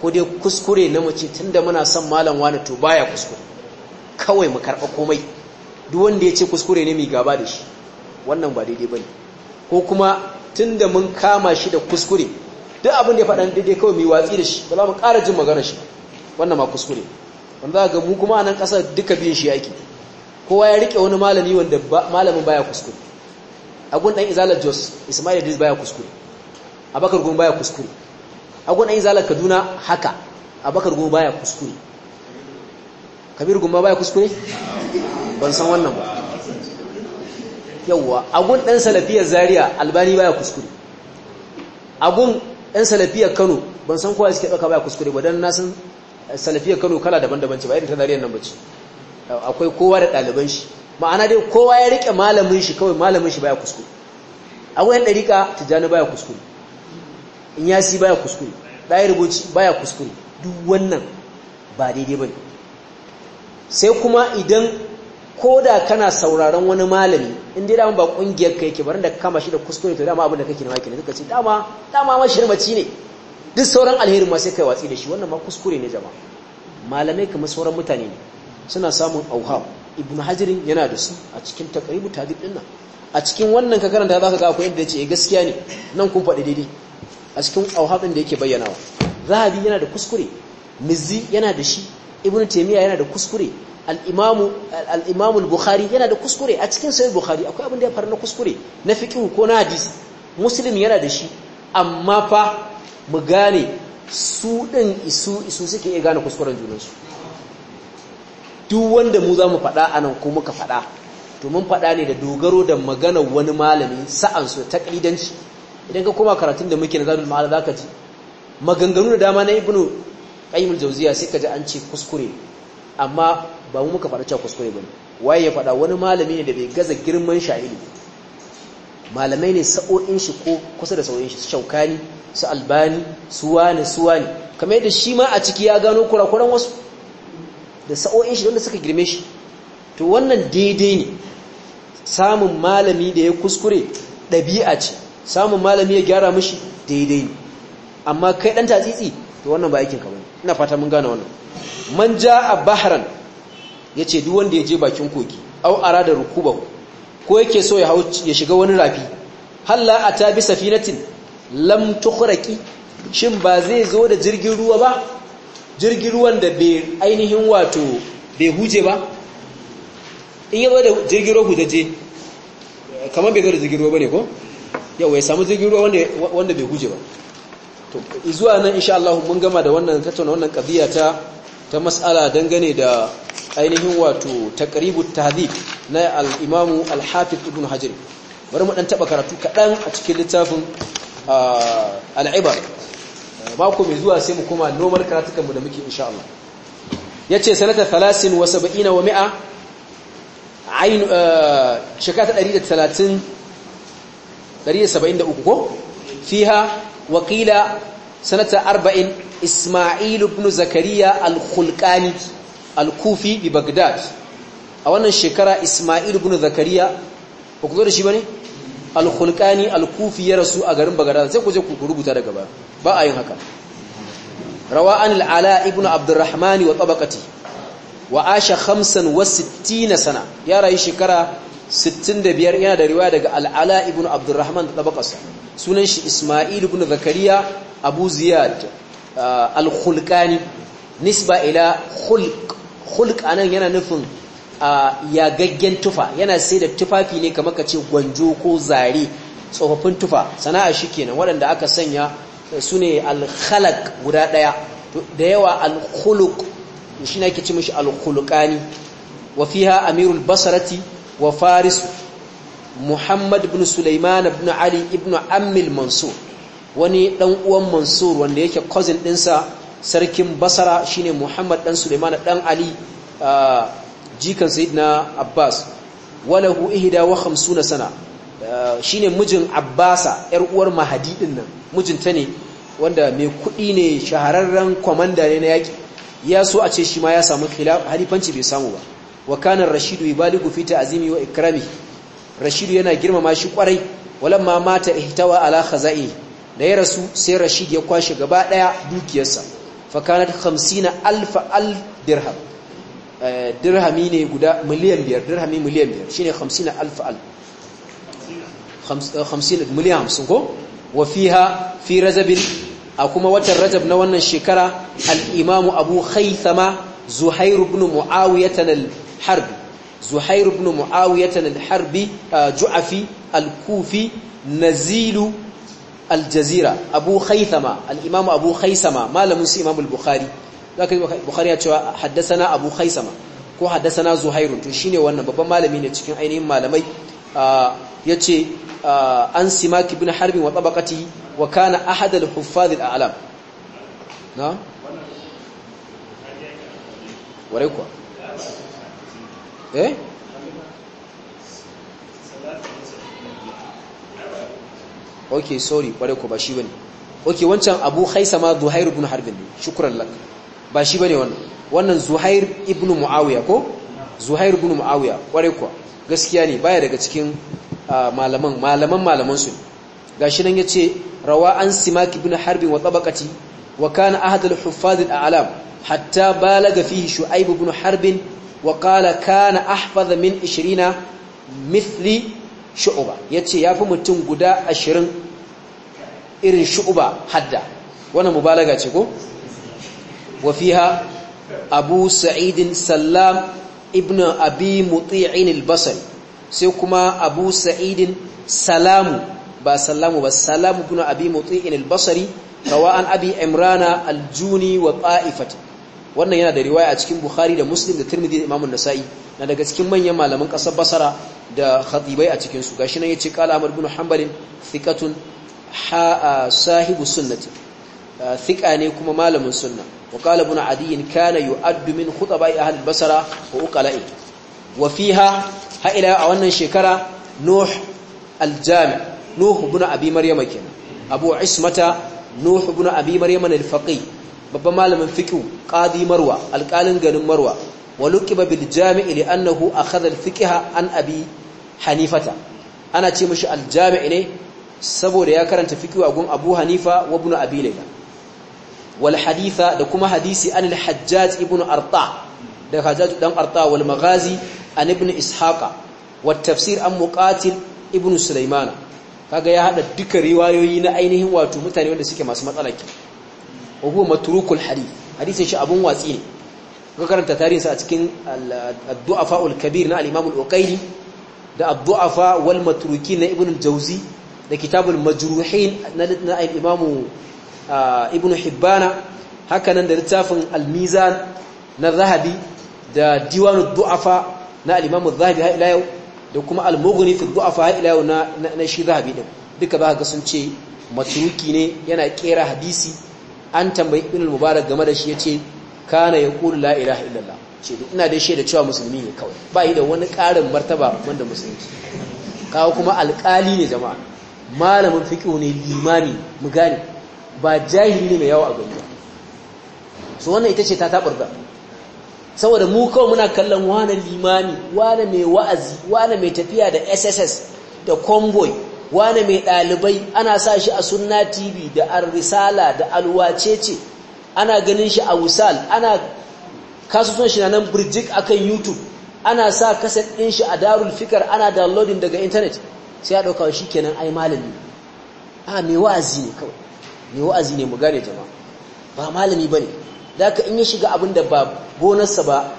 ko dai kuskure na mace tunda muna son malam wani to baya kuskure kawai mu karɓa komai duk wanda ya ce kuskure ne mai gaba da shi wannan ba daidai bane ko kuma tun da mun kama shi da kuskure duk abin da ya faɗa daidai kawai mai watsi da shi ba za mu ƙara jin magana shi wannan ma kuskure wanda za ga mu kuma a nan ƙasa duka biyun shi yaki kowa ya riƙe wani malami wanda malamin baya kuskure agun ɗan izalar jos ismail idris baya kuskure abakar gun baya kuskure agun ɗan izalar kaduna haka abakar gun baya kuskure kabir gun ma baya kuskure ban san wannan ba yawwa agun ɗan salafiyar zaria albani baya kuskure agun ɗan salafiyar kano ban san kowa suke ɗauka baya kuskure ba dan nasin eh, salafiyar kano kala daban-daban ce ba irin ta zariyar nan ba ce eh, akwai kowa da ɗaliban shi ma'ana dai kowa ya riƙe malamin shi kawai malamin shi baya kuskure agun dariqa tijani tijjani baya kuskure in yasi baya kuskure ɗaya rubuci baya kuskure duk wannan ba daidai ba ne sai kuma idan ko da kana sauraron wani malami in dama ba kungiyar ka yake barin da kama shi da kuskure to dama abin da kake nawa kenan duka ce dama dama ma shirmaci ne duk sauran alherin ma sai kai watsi da shi wannan ma kuskure ne jama'a malamai kamar sauran mutane ne suna samun auha, ibnu hajirin yana da su a cikin taqribu tadib din nan a cikin wannan ka karanta zaka ga akwai inda yace eh, gaskiya ne nan kun faɗi daidai a cikin auha din da yake bayyanawa zahabi yana da kuskure mizzi yana da shi ibnu taymiya yana da kuskure al-imamu al-bukhari yana da kuskure a cikin sahih bukhari akwai abin da ya fara na kuskure na fiqh ko na hadisi muslim yana da shi amma fa mu gane su din isu isu suke iya gane kuskuren junansu duk wanda mu za mu faɗa anan ko muka faɗa to mun faɗa ne da dogaro da magana wani malami sa'an su taklidanci idan ka koma karatun da muke na zadul ma'ala zaka ji maganganu da dama na ibnu qayyim al-jawziya sai ka ji an ce kuskure amma ba mu muka faɗa cewa kuskure bane waye ya faɗa wani malami ne da bai gaza girman sha'ili malamai ne sa'o'in shi ko kusa da sa'o'in shi su shaukani su albani su wani su wani kamar yadda shi ma a ciki ya gano kurakuran wasu da sa'o'in shi wanda suka girme shi to wannan daidai ne samun malami da ya kuskure ɗabi'a ce samun malami ya gyara mishi daidai ne amma kai ɗan tatsitsi to wannan ba aikin kamar ina fata mun gane wannan man ja a baharan ya ce duk wanda ya je bakin kogi au ara da rukubahu ko yake so ya ya shiga wani rafi halla ta bi safinatin lam tukhraqi shin ba zai zo da jirgin ruwa ba jirgin ruwan da bai ainihin wato bai huje ba in yazo da jirgin ruwa je kamar bai zo da jirgin ruwa bane ko yawa ya samu jirgin ruwa wanda wanda bai huje ba to zuwa nan insha Allah mun gama da wannan tattauna wannan qadiya ta ta mas'ala dangane da ainihin wato taqribut tahdhib na al-imam al-hafiz ibn hajar bari mu dan taba karatu kadan a cikin littafin al-ibar mako mai zuwa sai mu koma normal karatukan mu da muke insha Allah yace sanata 73 wa 70 wa 100 ain shekata 130 ko fiha waqila sanata 40 isma'il ibn zakariya al al-kufi bi a wannan shekara isma'il ibn zakariya ba ku zo da shi bane al-khulqani al-kufi ya rasu a garin bagdad sai ku je ku rubuta daga ba ba a yin haka rawa an al-ala ibn abdurrahman wa tabaqati wa asha 65 sana ya rayu shekara 65 yana da riwaya daga al-ala ibn abdurrahman da tabaqasa sunan shi isma'il ibn zakariya abu ziyad uh, al-khulqani nisba ila khulq hulk anan yana nufin yagaggen tufa yana sai da tufafi ne kamar ka ce gwanjo ko zare tsofaffin tufa sana'a shi kenan waɗanda aka sanya eh, su ne alhalak guda ɗaya da yawa alhuluk shi na ke ci mashi alhulukani wa ha amirul basarati wa farisu muhammad bin suleiman bin ali ibn ammil mansur wani ɗan uwan mansur wanda yake cousin ɗinsa sarkin basara shine muhammad dan suleiman dan ali jikan na abbas walahu ihda wa khamsuna sana shine mijin abbasa yar uwar mahadi din nan mijinta ne wanda mai kudi ne shahararren kwamanda ne na yaki ya so a ce shi ma ya samu halifanci bai samu ba wa kanar rashidu ibaligu fi ta'zimi wa ikrami rashidu yana girmama shi kwarai walamma mata ihtawa ala khaza'i da ya rasu sai rashid ya kwashe gaba daya dukiyarsa fakanat 50 alf alf dirham dirhami ne guda miliyan biyar dirhami miliyan biyar shine 50 alf alf 50 miliyan 50 ko wa fiha fi razabin a kuma watan razab na wannan shekara al-imamu abu khaythama zuhair ibn mu'awiyatan al-harbi zuhair ibn mu'awiyatan al-harbi ju'afi al-kufi nazilu aljazira abu haithama al'imamu abu haisama malamin su imamul bukhari zaka ka yi bukhari ya cewa haddasana abu haisama ko haddasana zuhairun to shine wannan babban malami ne cikin ainihin malamai ah, yace ce ah, an simak ibn harbin wa tabaqati wa kana ahad al-huffaz al-a'lam na ware kuwa eh okay sorry kwarai ko ba shi bane ok wancan abu haisama ma zuhair ibn harbin ne shukran lak ba shi bane wannan wannan zuhair ibn muawiya ko zuhair ibn muawiya kwarai ko gaskiya ne baya daga cikin ah, malaman malaman malaman su gashi nan yace rawa an simak ibn harbin wa tabaqati wa kana ahad al-huffaz al-a'lam hatta balaga fihi shu'aib ibn harbin wa qala kana ahfaz min 20 mithli shu'uba yace yafi mutum guda 20 irin shu'uba hadda wannan mubalaga ce ko wa fiha abu sa'id sallam ibn abi muti'in al-basri sai kuma abu sa'id salamu ba salamu ba salamu ibn abi muti'in al-basri rawa an abi imrana al-juni wa ta'ifati wannan yana da riwaya a cikin bukhari da muslim da tirmidhi da imamun nasa'i na daga cikin manyan malaman kasa basara da khatibai a cikin gashi nan ya ce kala amur bin hanbalin thiqatun sahibu sunnati thiqa ne kuma malamin sunna wa kala ibn adiyin kana yu'addu min khutabai ahli basara wa uqala'i wa fiha ha ila a wannan shekara nuh al-jami nuh ibn abi maryama kenan abu ismata nuh ibn abi maryama al-faqih babban malamin fiqh qadi marwa alqalin garin marwa wa luqiba bil jami' li annahu akhadha al fiqha an abi hanifata ana ce mishi al jami' ne saboda ya karanta fiqh a gun abu hanifa wa ibn abi layla wal haditha da kuma hadisi an al hajjaj ibn arta da hajjaj dan arta wal maghazi an ibn ishaqa wa tafsir an muqatil ibn sulaimana kaga ya hada duka riwayoyi na ainihin wato mutane wanda suke masu matsalaki wa huwa matrukul hadith hadisin shi abun watsi ne ga karanta tarihinsa a cikin ad-du'afa al-kabir na al-imam al-uqayli da ad-du'afa wal matrukin na ibn al-jawzi da kitab al-majruhin na al-imam ibn hibbana haka nan da littafin al-mizan na zahabi da diwan ad-du'afa na al-imam az-zahabi ha ila yau da kuma al-mughni fi ad-du'afa ha ila yau na na shi zahabi din duka ba ga sun ce matruki ne yana kera hadisi an tambayi ibn mubarak game da shi yace kana yaqulu la ilaha illallah ce duk ina da shi da cewa musulmi ne kawai ba yi da wani ƙarin martaba wanda musulunci kawo kuma alƙali ne jama'a malamin fiqh ne limami mu gane ba jahili ne mai yawo a gari ba so wannan ita ce ta tabarga saboda mu kawai muna kallon wani limami wani mai wa'azi wani mai tafiya da SSS da convoy wane mai ɗalibai ana sa shi a sunna tv da al-risala da alwacece ana ganin shi a wusal ana kasusun shi na nan birjik akan youtube ana sa kaset ɗin shi a darul fikar ana downloading daga intanet sai ya ɗauka shi kenan ai malami a mai wa'azi ne kawai mai wa'azi ne mu gane jama'a ba malami ba ne da in ya shiga abin da ba bonarsa ba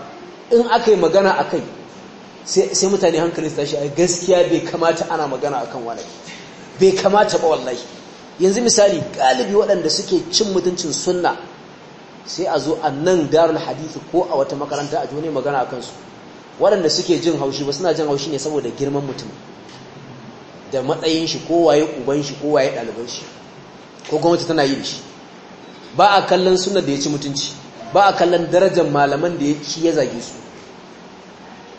in aka yi magana a kai sai mutane hankali su tashi a gaskiya bai kamata ana magana akan wani bai kamata ba wallahi yanzu misali galibi waɗanda suke cin mutuncin sunna sai a zo a nan darul hadithu ko a wata makaranta a jone magana a kansu waɗanda suke jin haushi ba suna jin haushi ne saboda girman mutum da matsayin shi ko waye uban shi ko waye ɗaliban shi ko gwamnati tana yi shi ba a kallon sunna da ya ci mutunci ba a kallon darajar malaman da ya ci ya zage su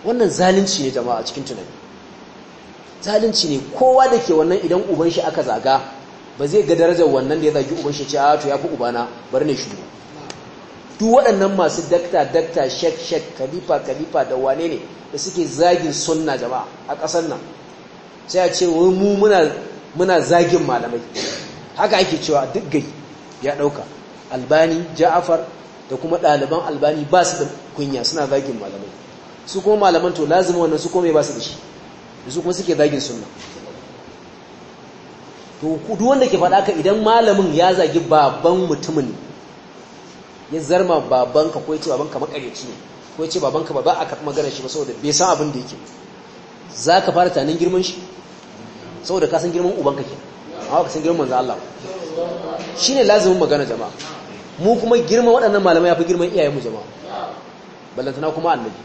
wannan zalunci ne jama'a cikin tunani zalunci ne kowa da ke wannan idan uban shi aka zaga ba zai ga darajar wannan da ya zagi uban shi ce a ah, to ya fi ubana bar ne shi duk waɗannan masu dakta dakta shek shek kalifa kalifa da wane ne da suke zagin sunna jama'a a ƙasar nan sai a ce wai mu muna muna zagin malamai haka ake cewa duk gari ya ɗauka albani ja'afar da kuma ɗaliban albani ba su da kunya suna zagin malamai su kuma malaman to lazimi wannan su kuma ba su da shi su kuma suke zagin sunna to duk wanda ke faɗa ka idan malamin ya zagi baban mutumin ya zarma babanka ko ya ce babanka makareci ne ko ya ce babanka ba ba a karɓi magana shi ba saboda bai san abin da yake za ka fara tanin girman shi saboda ka san girman ubanka ke amma ka san girman manzo Allah shi ne lazimin magana jama'a mu kuma girman waɗannan malamai ya fi girman iyayenmu jama'a ballantana kuma annabi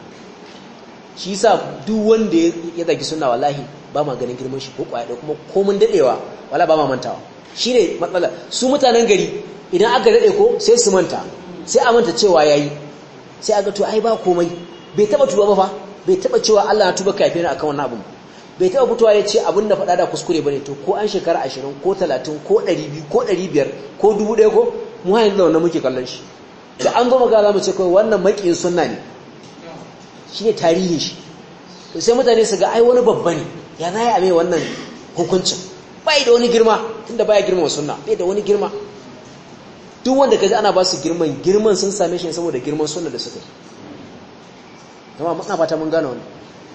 shi sa duk wanda ya zagi suna wallahi ba ma ganin girman shi ko kwaya da kuma komun dadewa wala ba ma mantawa ne matsala su mutanen gari idan aka dade ko sai su manta sai a manta cewa yayi sai aga to ai ba komai bai taba tuba ba fa bai taba cewa Allah ya tuba kafin akan wannan abun bai taba fitowa ya ce abin da fada da kuskure bane to ko an shekara 20 ko 30 ko 200 ko 500 ko 1000 ko mu hayin da wannan muke kallon shi to an zo magana mu ce kai wannan makiyin sunna ne Shi ne tarihin shi to sai mutane su ga ai wani babba ne ya na yi mai wannan hukuncin bai da wani girma tun da baya girma suna bai da wani girma duk wanda ji ana ba su girman girman sun same shi saboda girman suna da suka kuma ba fata mun gane wani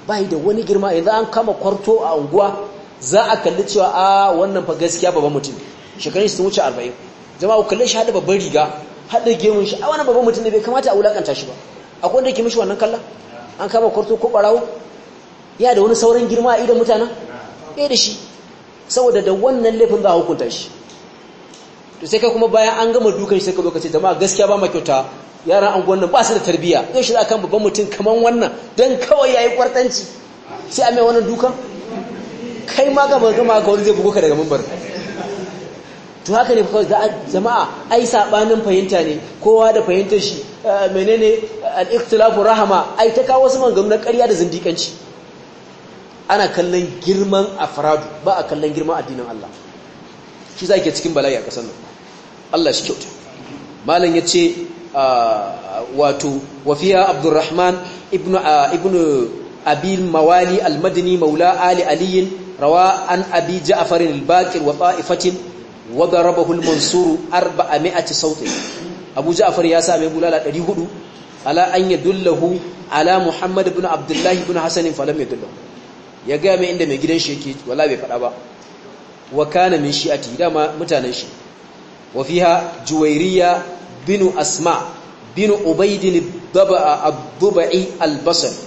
bai da wani girma idan an kama kwarto a unguwa za a kalli cewa a wannan fa gaskiya babban mutum shekarun su wuce 40 jama'a kalle shi hada babban riga hada gemun shi a wannan babban mutum ne bai kamata a wulakanta shi ba akwai wanda yake mishi wannan kallon an kama kwarto ko barawo ya da wani sauran girma a idan mutanen ɗaya da shi saboda da wannan laifin ba a hukunta shi to sai kai kuma bayan an gama dukan shi sai ka zo ka ce jama'a gaskiya ba ma kyauta yaran an nan ba su da tarbiyya zai shi akan babban mutum kamar wannan dan kawai yayi kwartanci sai a mai wannan dukan kai ma ga ga wani zai bugo ka daga mimbar to haka ne jama'a ai sabanin fahimta ne kowa da fahimtar shi eh, menene eh, al-ikhtilafu rahama ai ta kawo wasu maganganu na ƙarya da zindikanci ana kallon girman afradu ba a kallon girman addinin Allah shi za ke cikin bala'i a ƙasar nan Allah shi kyauta malam yace ah, wato wafiya abdurrahman ah, ibn abil mawali al-madini maula ali aliyin rawa an abi jafarin al-baqir wa ta'ifatin wa darabahu al a 400 sautin Abu Ja'far ya same bulala 400 ala an yadullahu ala Muhammad ibn Abdullah ibn Hasan falam yadullahu ya ga mai inda mai gidan shi yake wala bai fada ba wa kana min shi'ati dama mutanen shi wa fiha Juwairiya bin Asma bin Ubayd al-Daba'i al-Daba'i al-Basri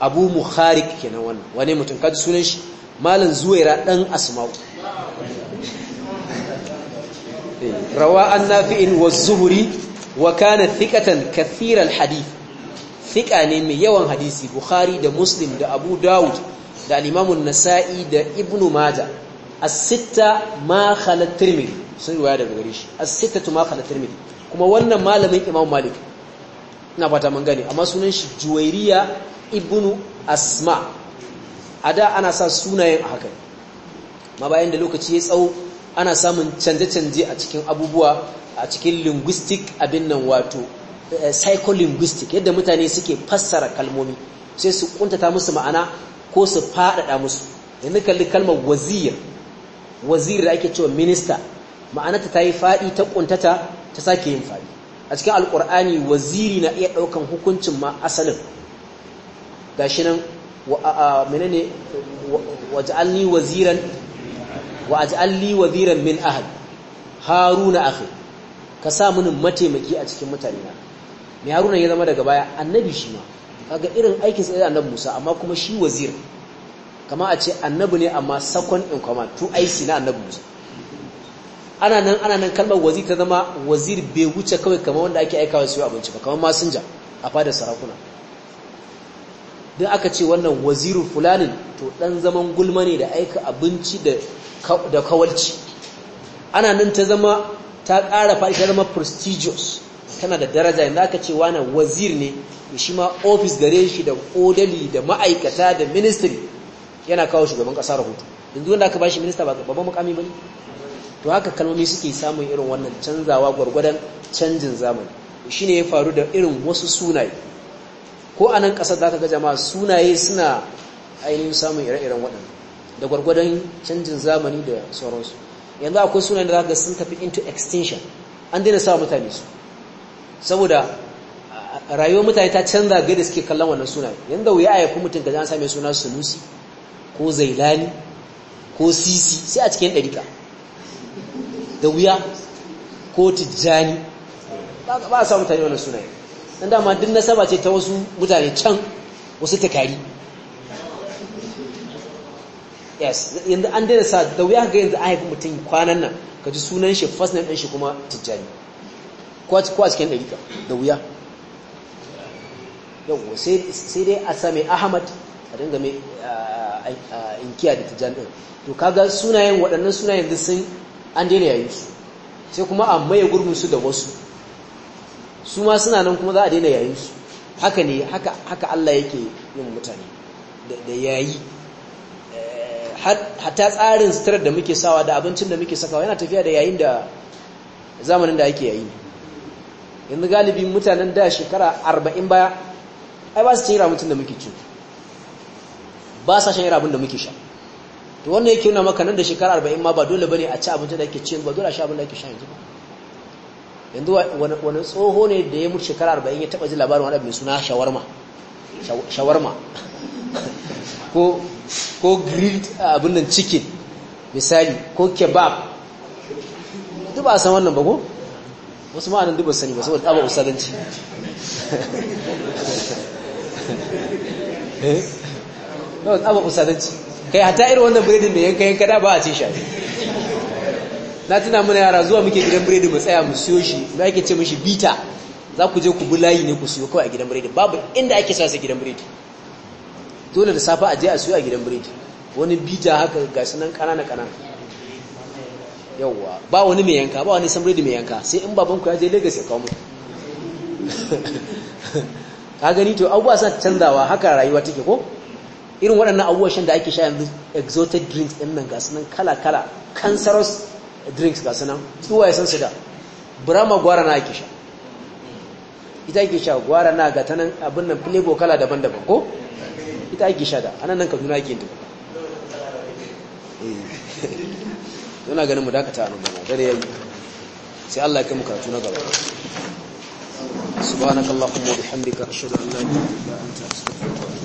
Abu Mukharik kenan wannan wane mutum kaji sunan shi malam Zuwaira dan Asma'u rawa an nafi'in wa zuhuri wa kana thiqatan kathiral hadith thiqa ne mai yawan hadisi bukhari da muslim da abu dawud da al nasai da ibnu maja as-sitta ma khala tirmidhi sun daga gare shi as-sitta ma khala tirmidhi kuma wannan malamin imam malik ina fata mun gane amma sunan shi juwairiya ibnu asma ada ana sa sunayen a haka ma bayan da lokaci ya tsawo ana samun canje-canje a cikin abubuwa a cikin linguistic abin nan wato eh, psycholinguistic yadda mutane suke fassara kalmomi sai su kuntata musu ma'ana ko su faɗaɗa musu yanzu kalli kalmar wazir wazir da ake cewa minista ma'anarta ta yi faɗi ta kuntata ta sake yin faɗi a cikin alƙur'ani waziri na iya ɗaukan hukuncin ma asalin gashi nan wa menene waj'alni waziran wa aj'al waziran min ahli haruna akhi ka sa mini mataimaki a cikin mutane na me haruna ya zama daga baya annabi shi ma kaga irin aikin sai annabi Musa amma kuma shi wazir kama a ce annabi ne amma second in command to IC na annabi Musa ana nan ana nan kalmar wazir ta zama wazir bai wuce kawai kamar wanda ake aikawa su abinci ba kamar masinja a fada sarakuna dan aka ce wannan waziru fulanin to dan zaman gulma ne da aika abinci da da kawalci ana nan ta zama ta ƙara fa ta zama prestigious tana da daraja yanzu aka ce wani wazir ne shi ma ofis gare shi da odali da ma'aikata da ministry yana kawo shugaban ƙasa rahoto yanzu wanda aka bashi minista ba babban mukami bane to haka kalmomi suke samun irin wannan canzawa gwargwadon canjin zamani shi ne ya faru da irin wasu sunaye ko a anan ƙasar ka ga jama'a sunaye suna ainihin samun ire-iren waɗannan da gwargwadon canjin zamani da sauransu yanzu akwai sunayen da za ga sun tafi into extinction an daina sa mutane su saboda rayuwar mutane ta canza ga da suke kallon wannan suna yanda wuya a yafi mutum gaji an same suna sunusi ko zailani ko sisi sai a cikin ɗarika da wuya ko tijjani ba a sa mutane wannan sunayen Na dama duk nasaba ce ta wasu mutane can wasu takari s yanzu an daina sa da wuya ga yanzu an haifi mutum kwanan nan ka ji sunan shi first name ɗin shi kuma tijjani ko a cikin ɗarika da wuya yau sai dai a same ahmad a dinga mai inkiya da tijjani ɗin to kaga sunayen waɗannan sunayen da sun an daina yayin su sai kuma a maye gurbin su da wasu su ma suna nan kuma za a daina yayin su haka ne haka Allah yake yin mutane da yayi hatta tsarin sutura da muke sawa da abincin da muke sakawa yana tafiya da yayin da zamanin da ake yayi yanzu galibin mutanen da shekara 40 baya ai ba su cin mutum da muke ci ba sa shan abin da muke sha to wannan yake nuna maka nan da shekara 40 ma ba dole bane a ci abincin da ake ci ba dole a sha abin da ake sha yanzu ba yanzu wani tsoho ne da ya mutu shekara 40 ya taba ji labarin wani abin suna shawarma shawarma ko ko grilled abin nan chicken misali ko kebab duk ba san wannan ba ko wasu ma nan duk ba sani ba saboda ba usalanci eh no ba usalanci kai hata irin wannan biredin da yanka yanka da ba a ce shi na tuna mana yara zuwa muke gidan biredi mu tsaya mu siyo shi me ake ce mishi bita za ku je ku bi layi ne ku siyo kawai a gidan biredi babu inda ake sa gidan biredi dole da safa a je a siyo a gidan biriji wani bija haka ga sunan kanana kanan yauwa ba wani mai yanka ba wani samuridi mai yanka sai in babanku ya je Lagos ya kawo mu ka gani to abuwa suna canzawa haka rayuwa take ko irin waɗannan abuwa shan da ake sha yanzu exotic drinks ɗin nan ga sunan kala-kala cancerous drinks ga sunan tsuwa ya san su da burama gwara na ake sha ita ake sha gwara na ga tanan abin nan flavor kala daban-daban ko ita ake sha da anan nan kaduna ake ta yana eh. ganin mu dakata a nan dare yayi sai Allah ya kai mu karatu na gaba subhanakallahumma wa bihamdika ashhadu an la ilaha illa anta astaghfiruka wa atubu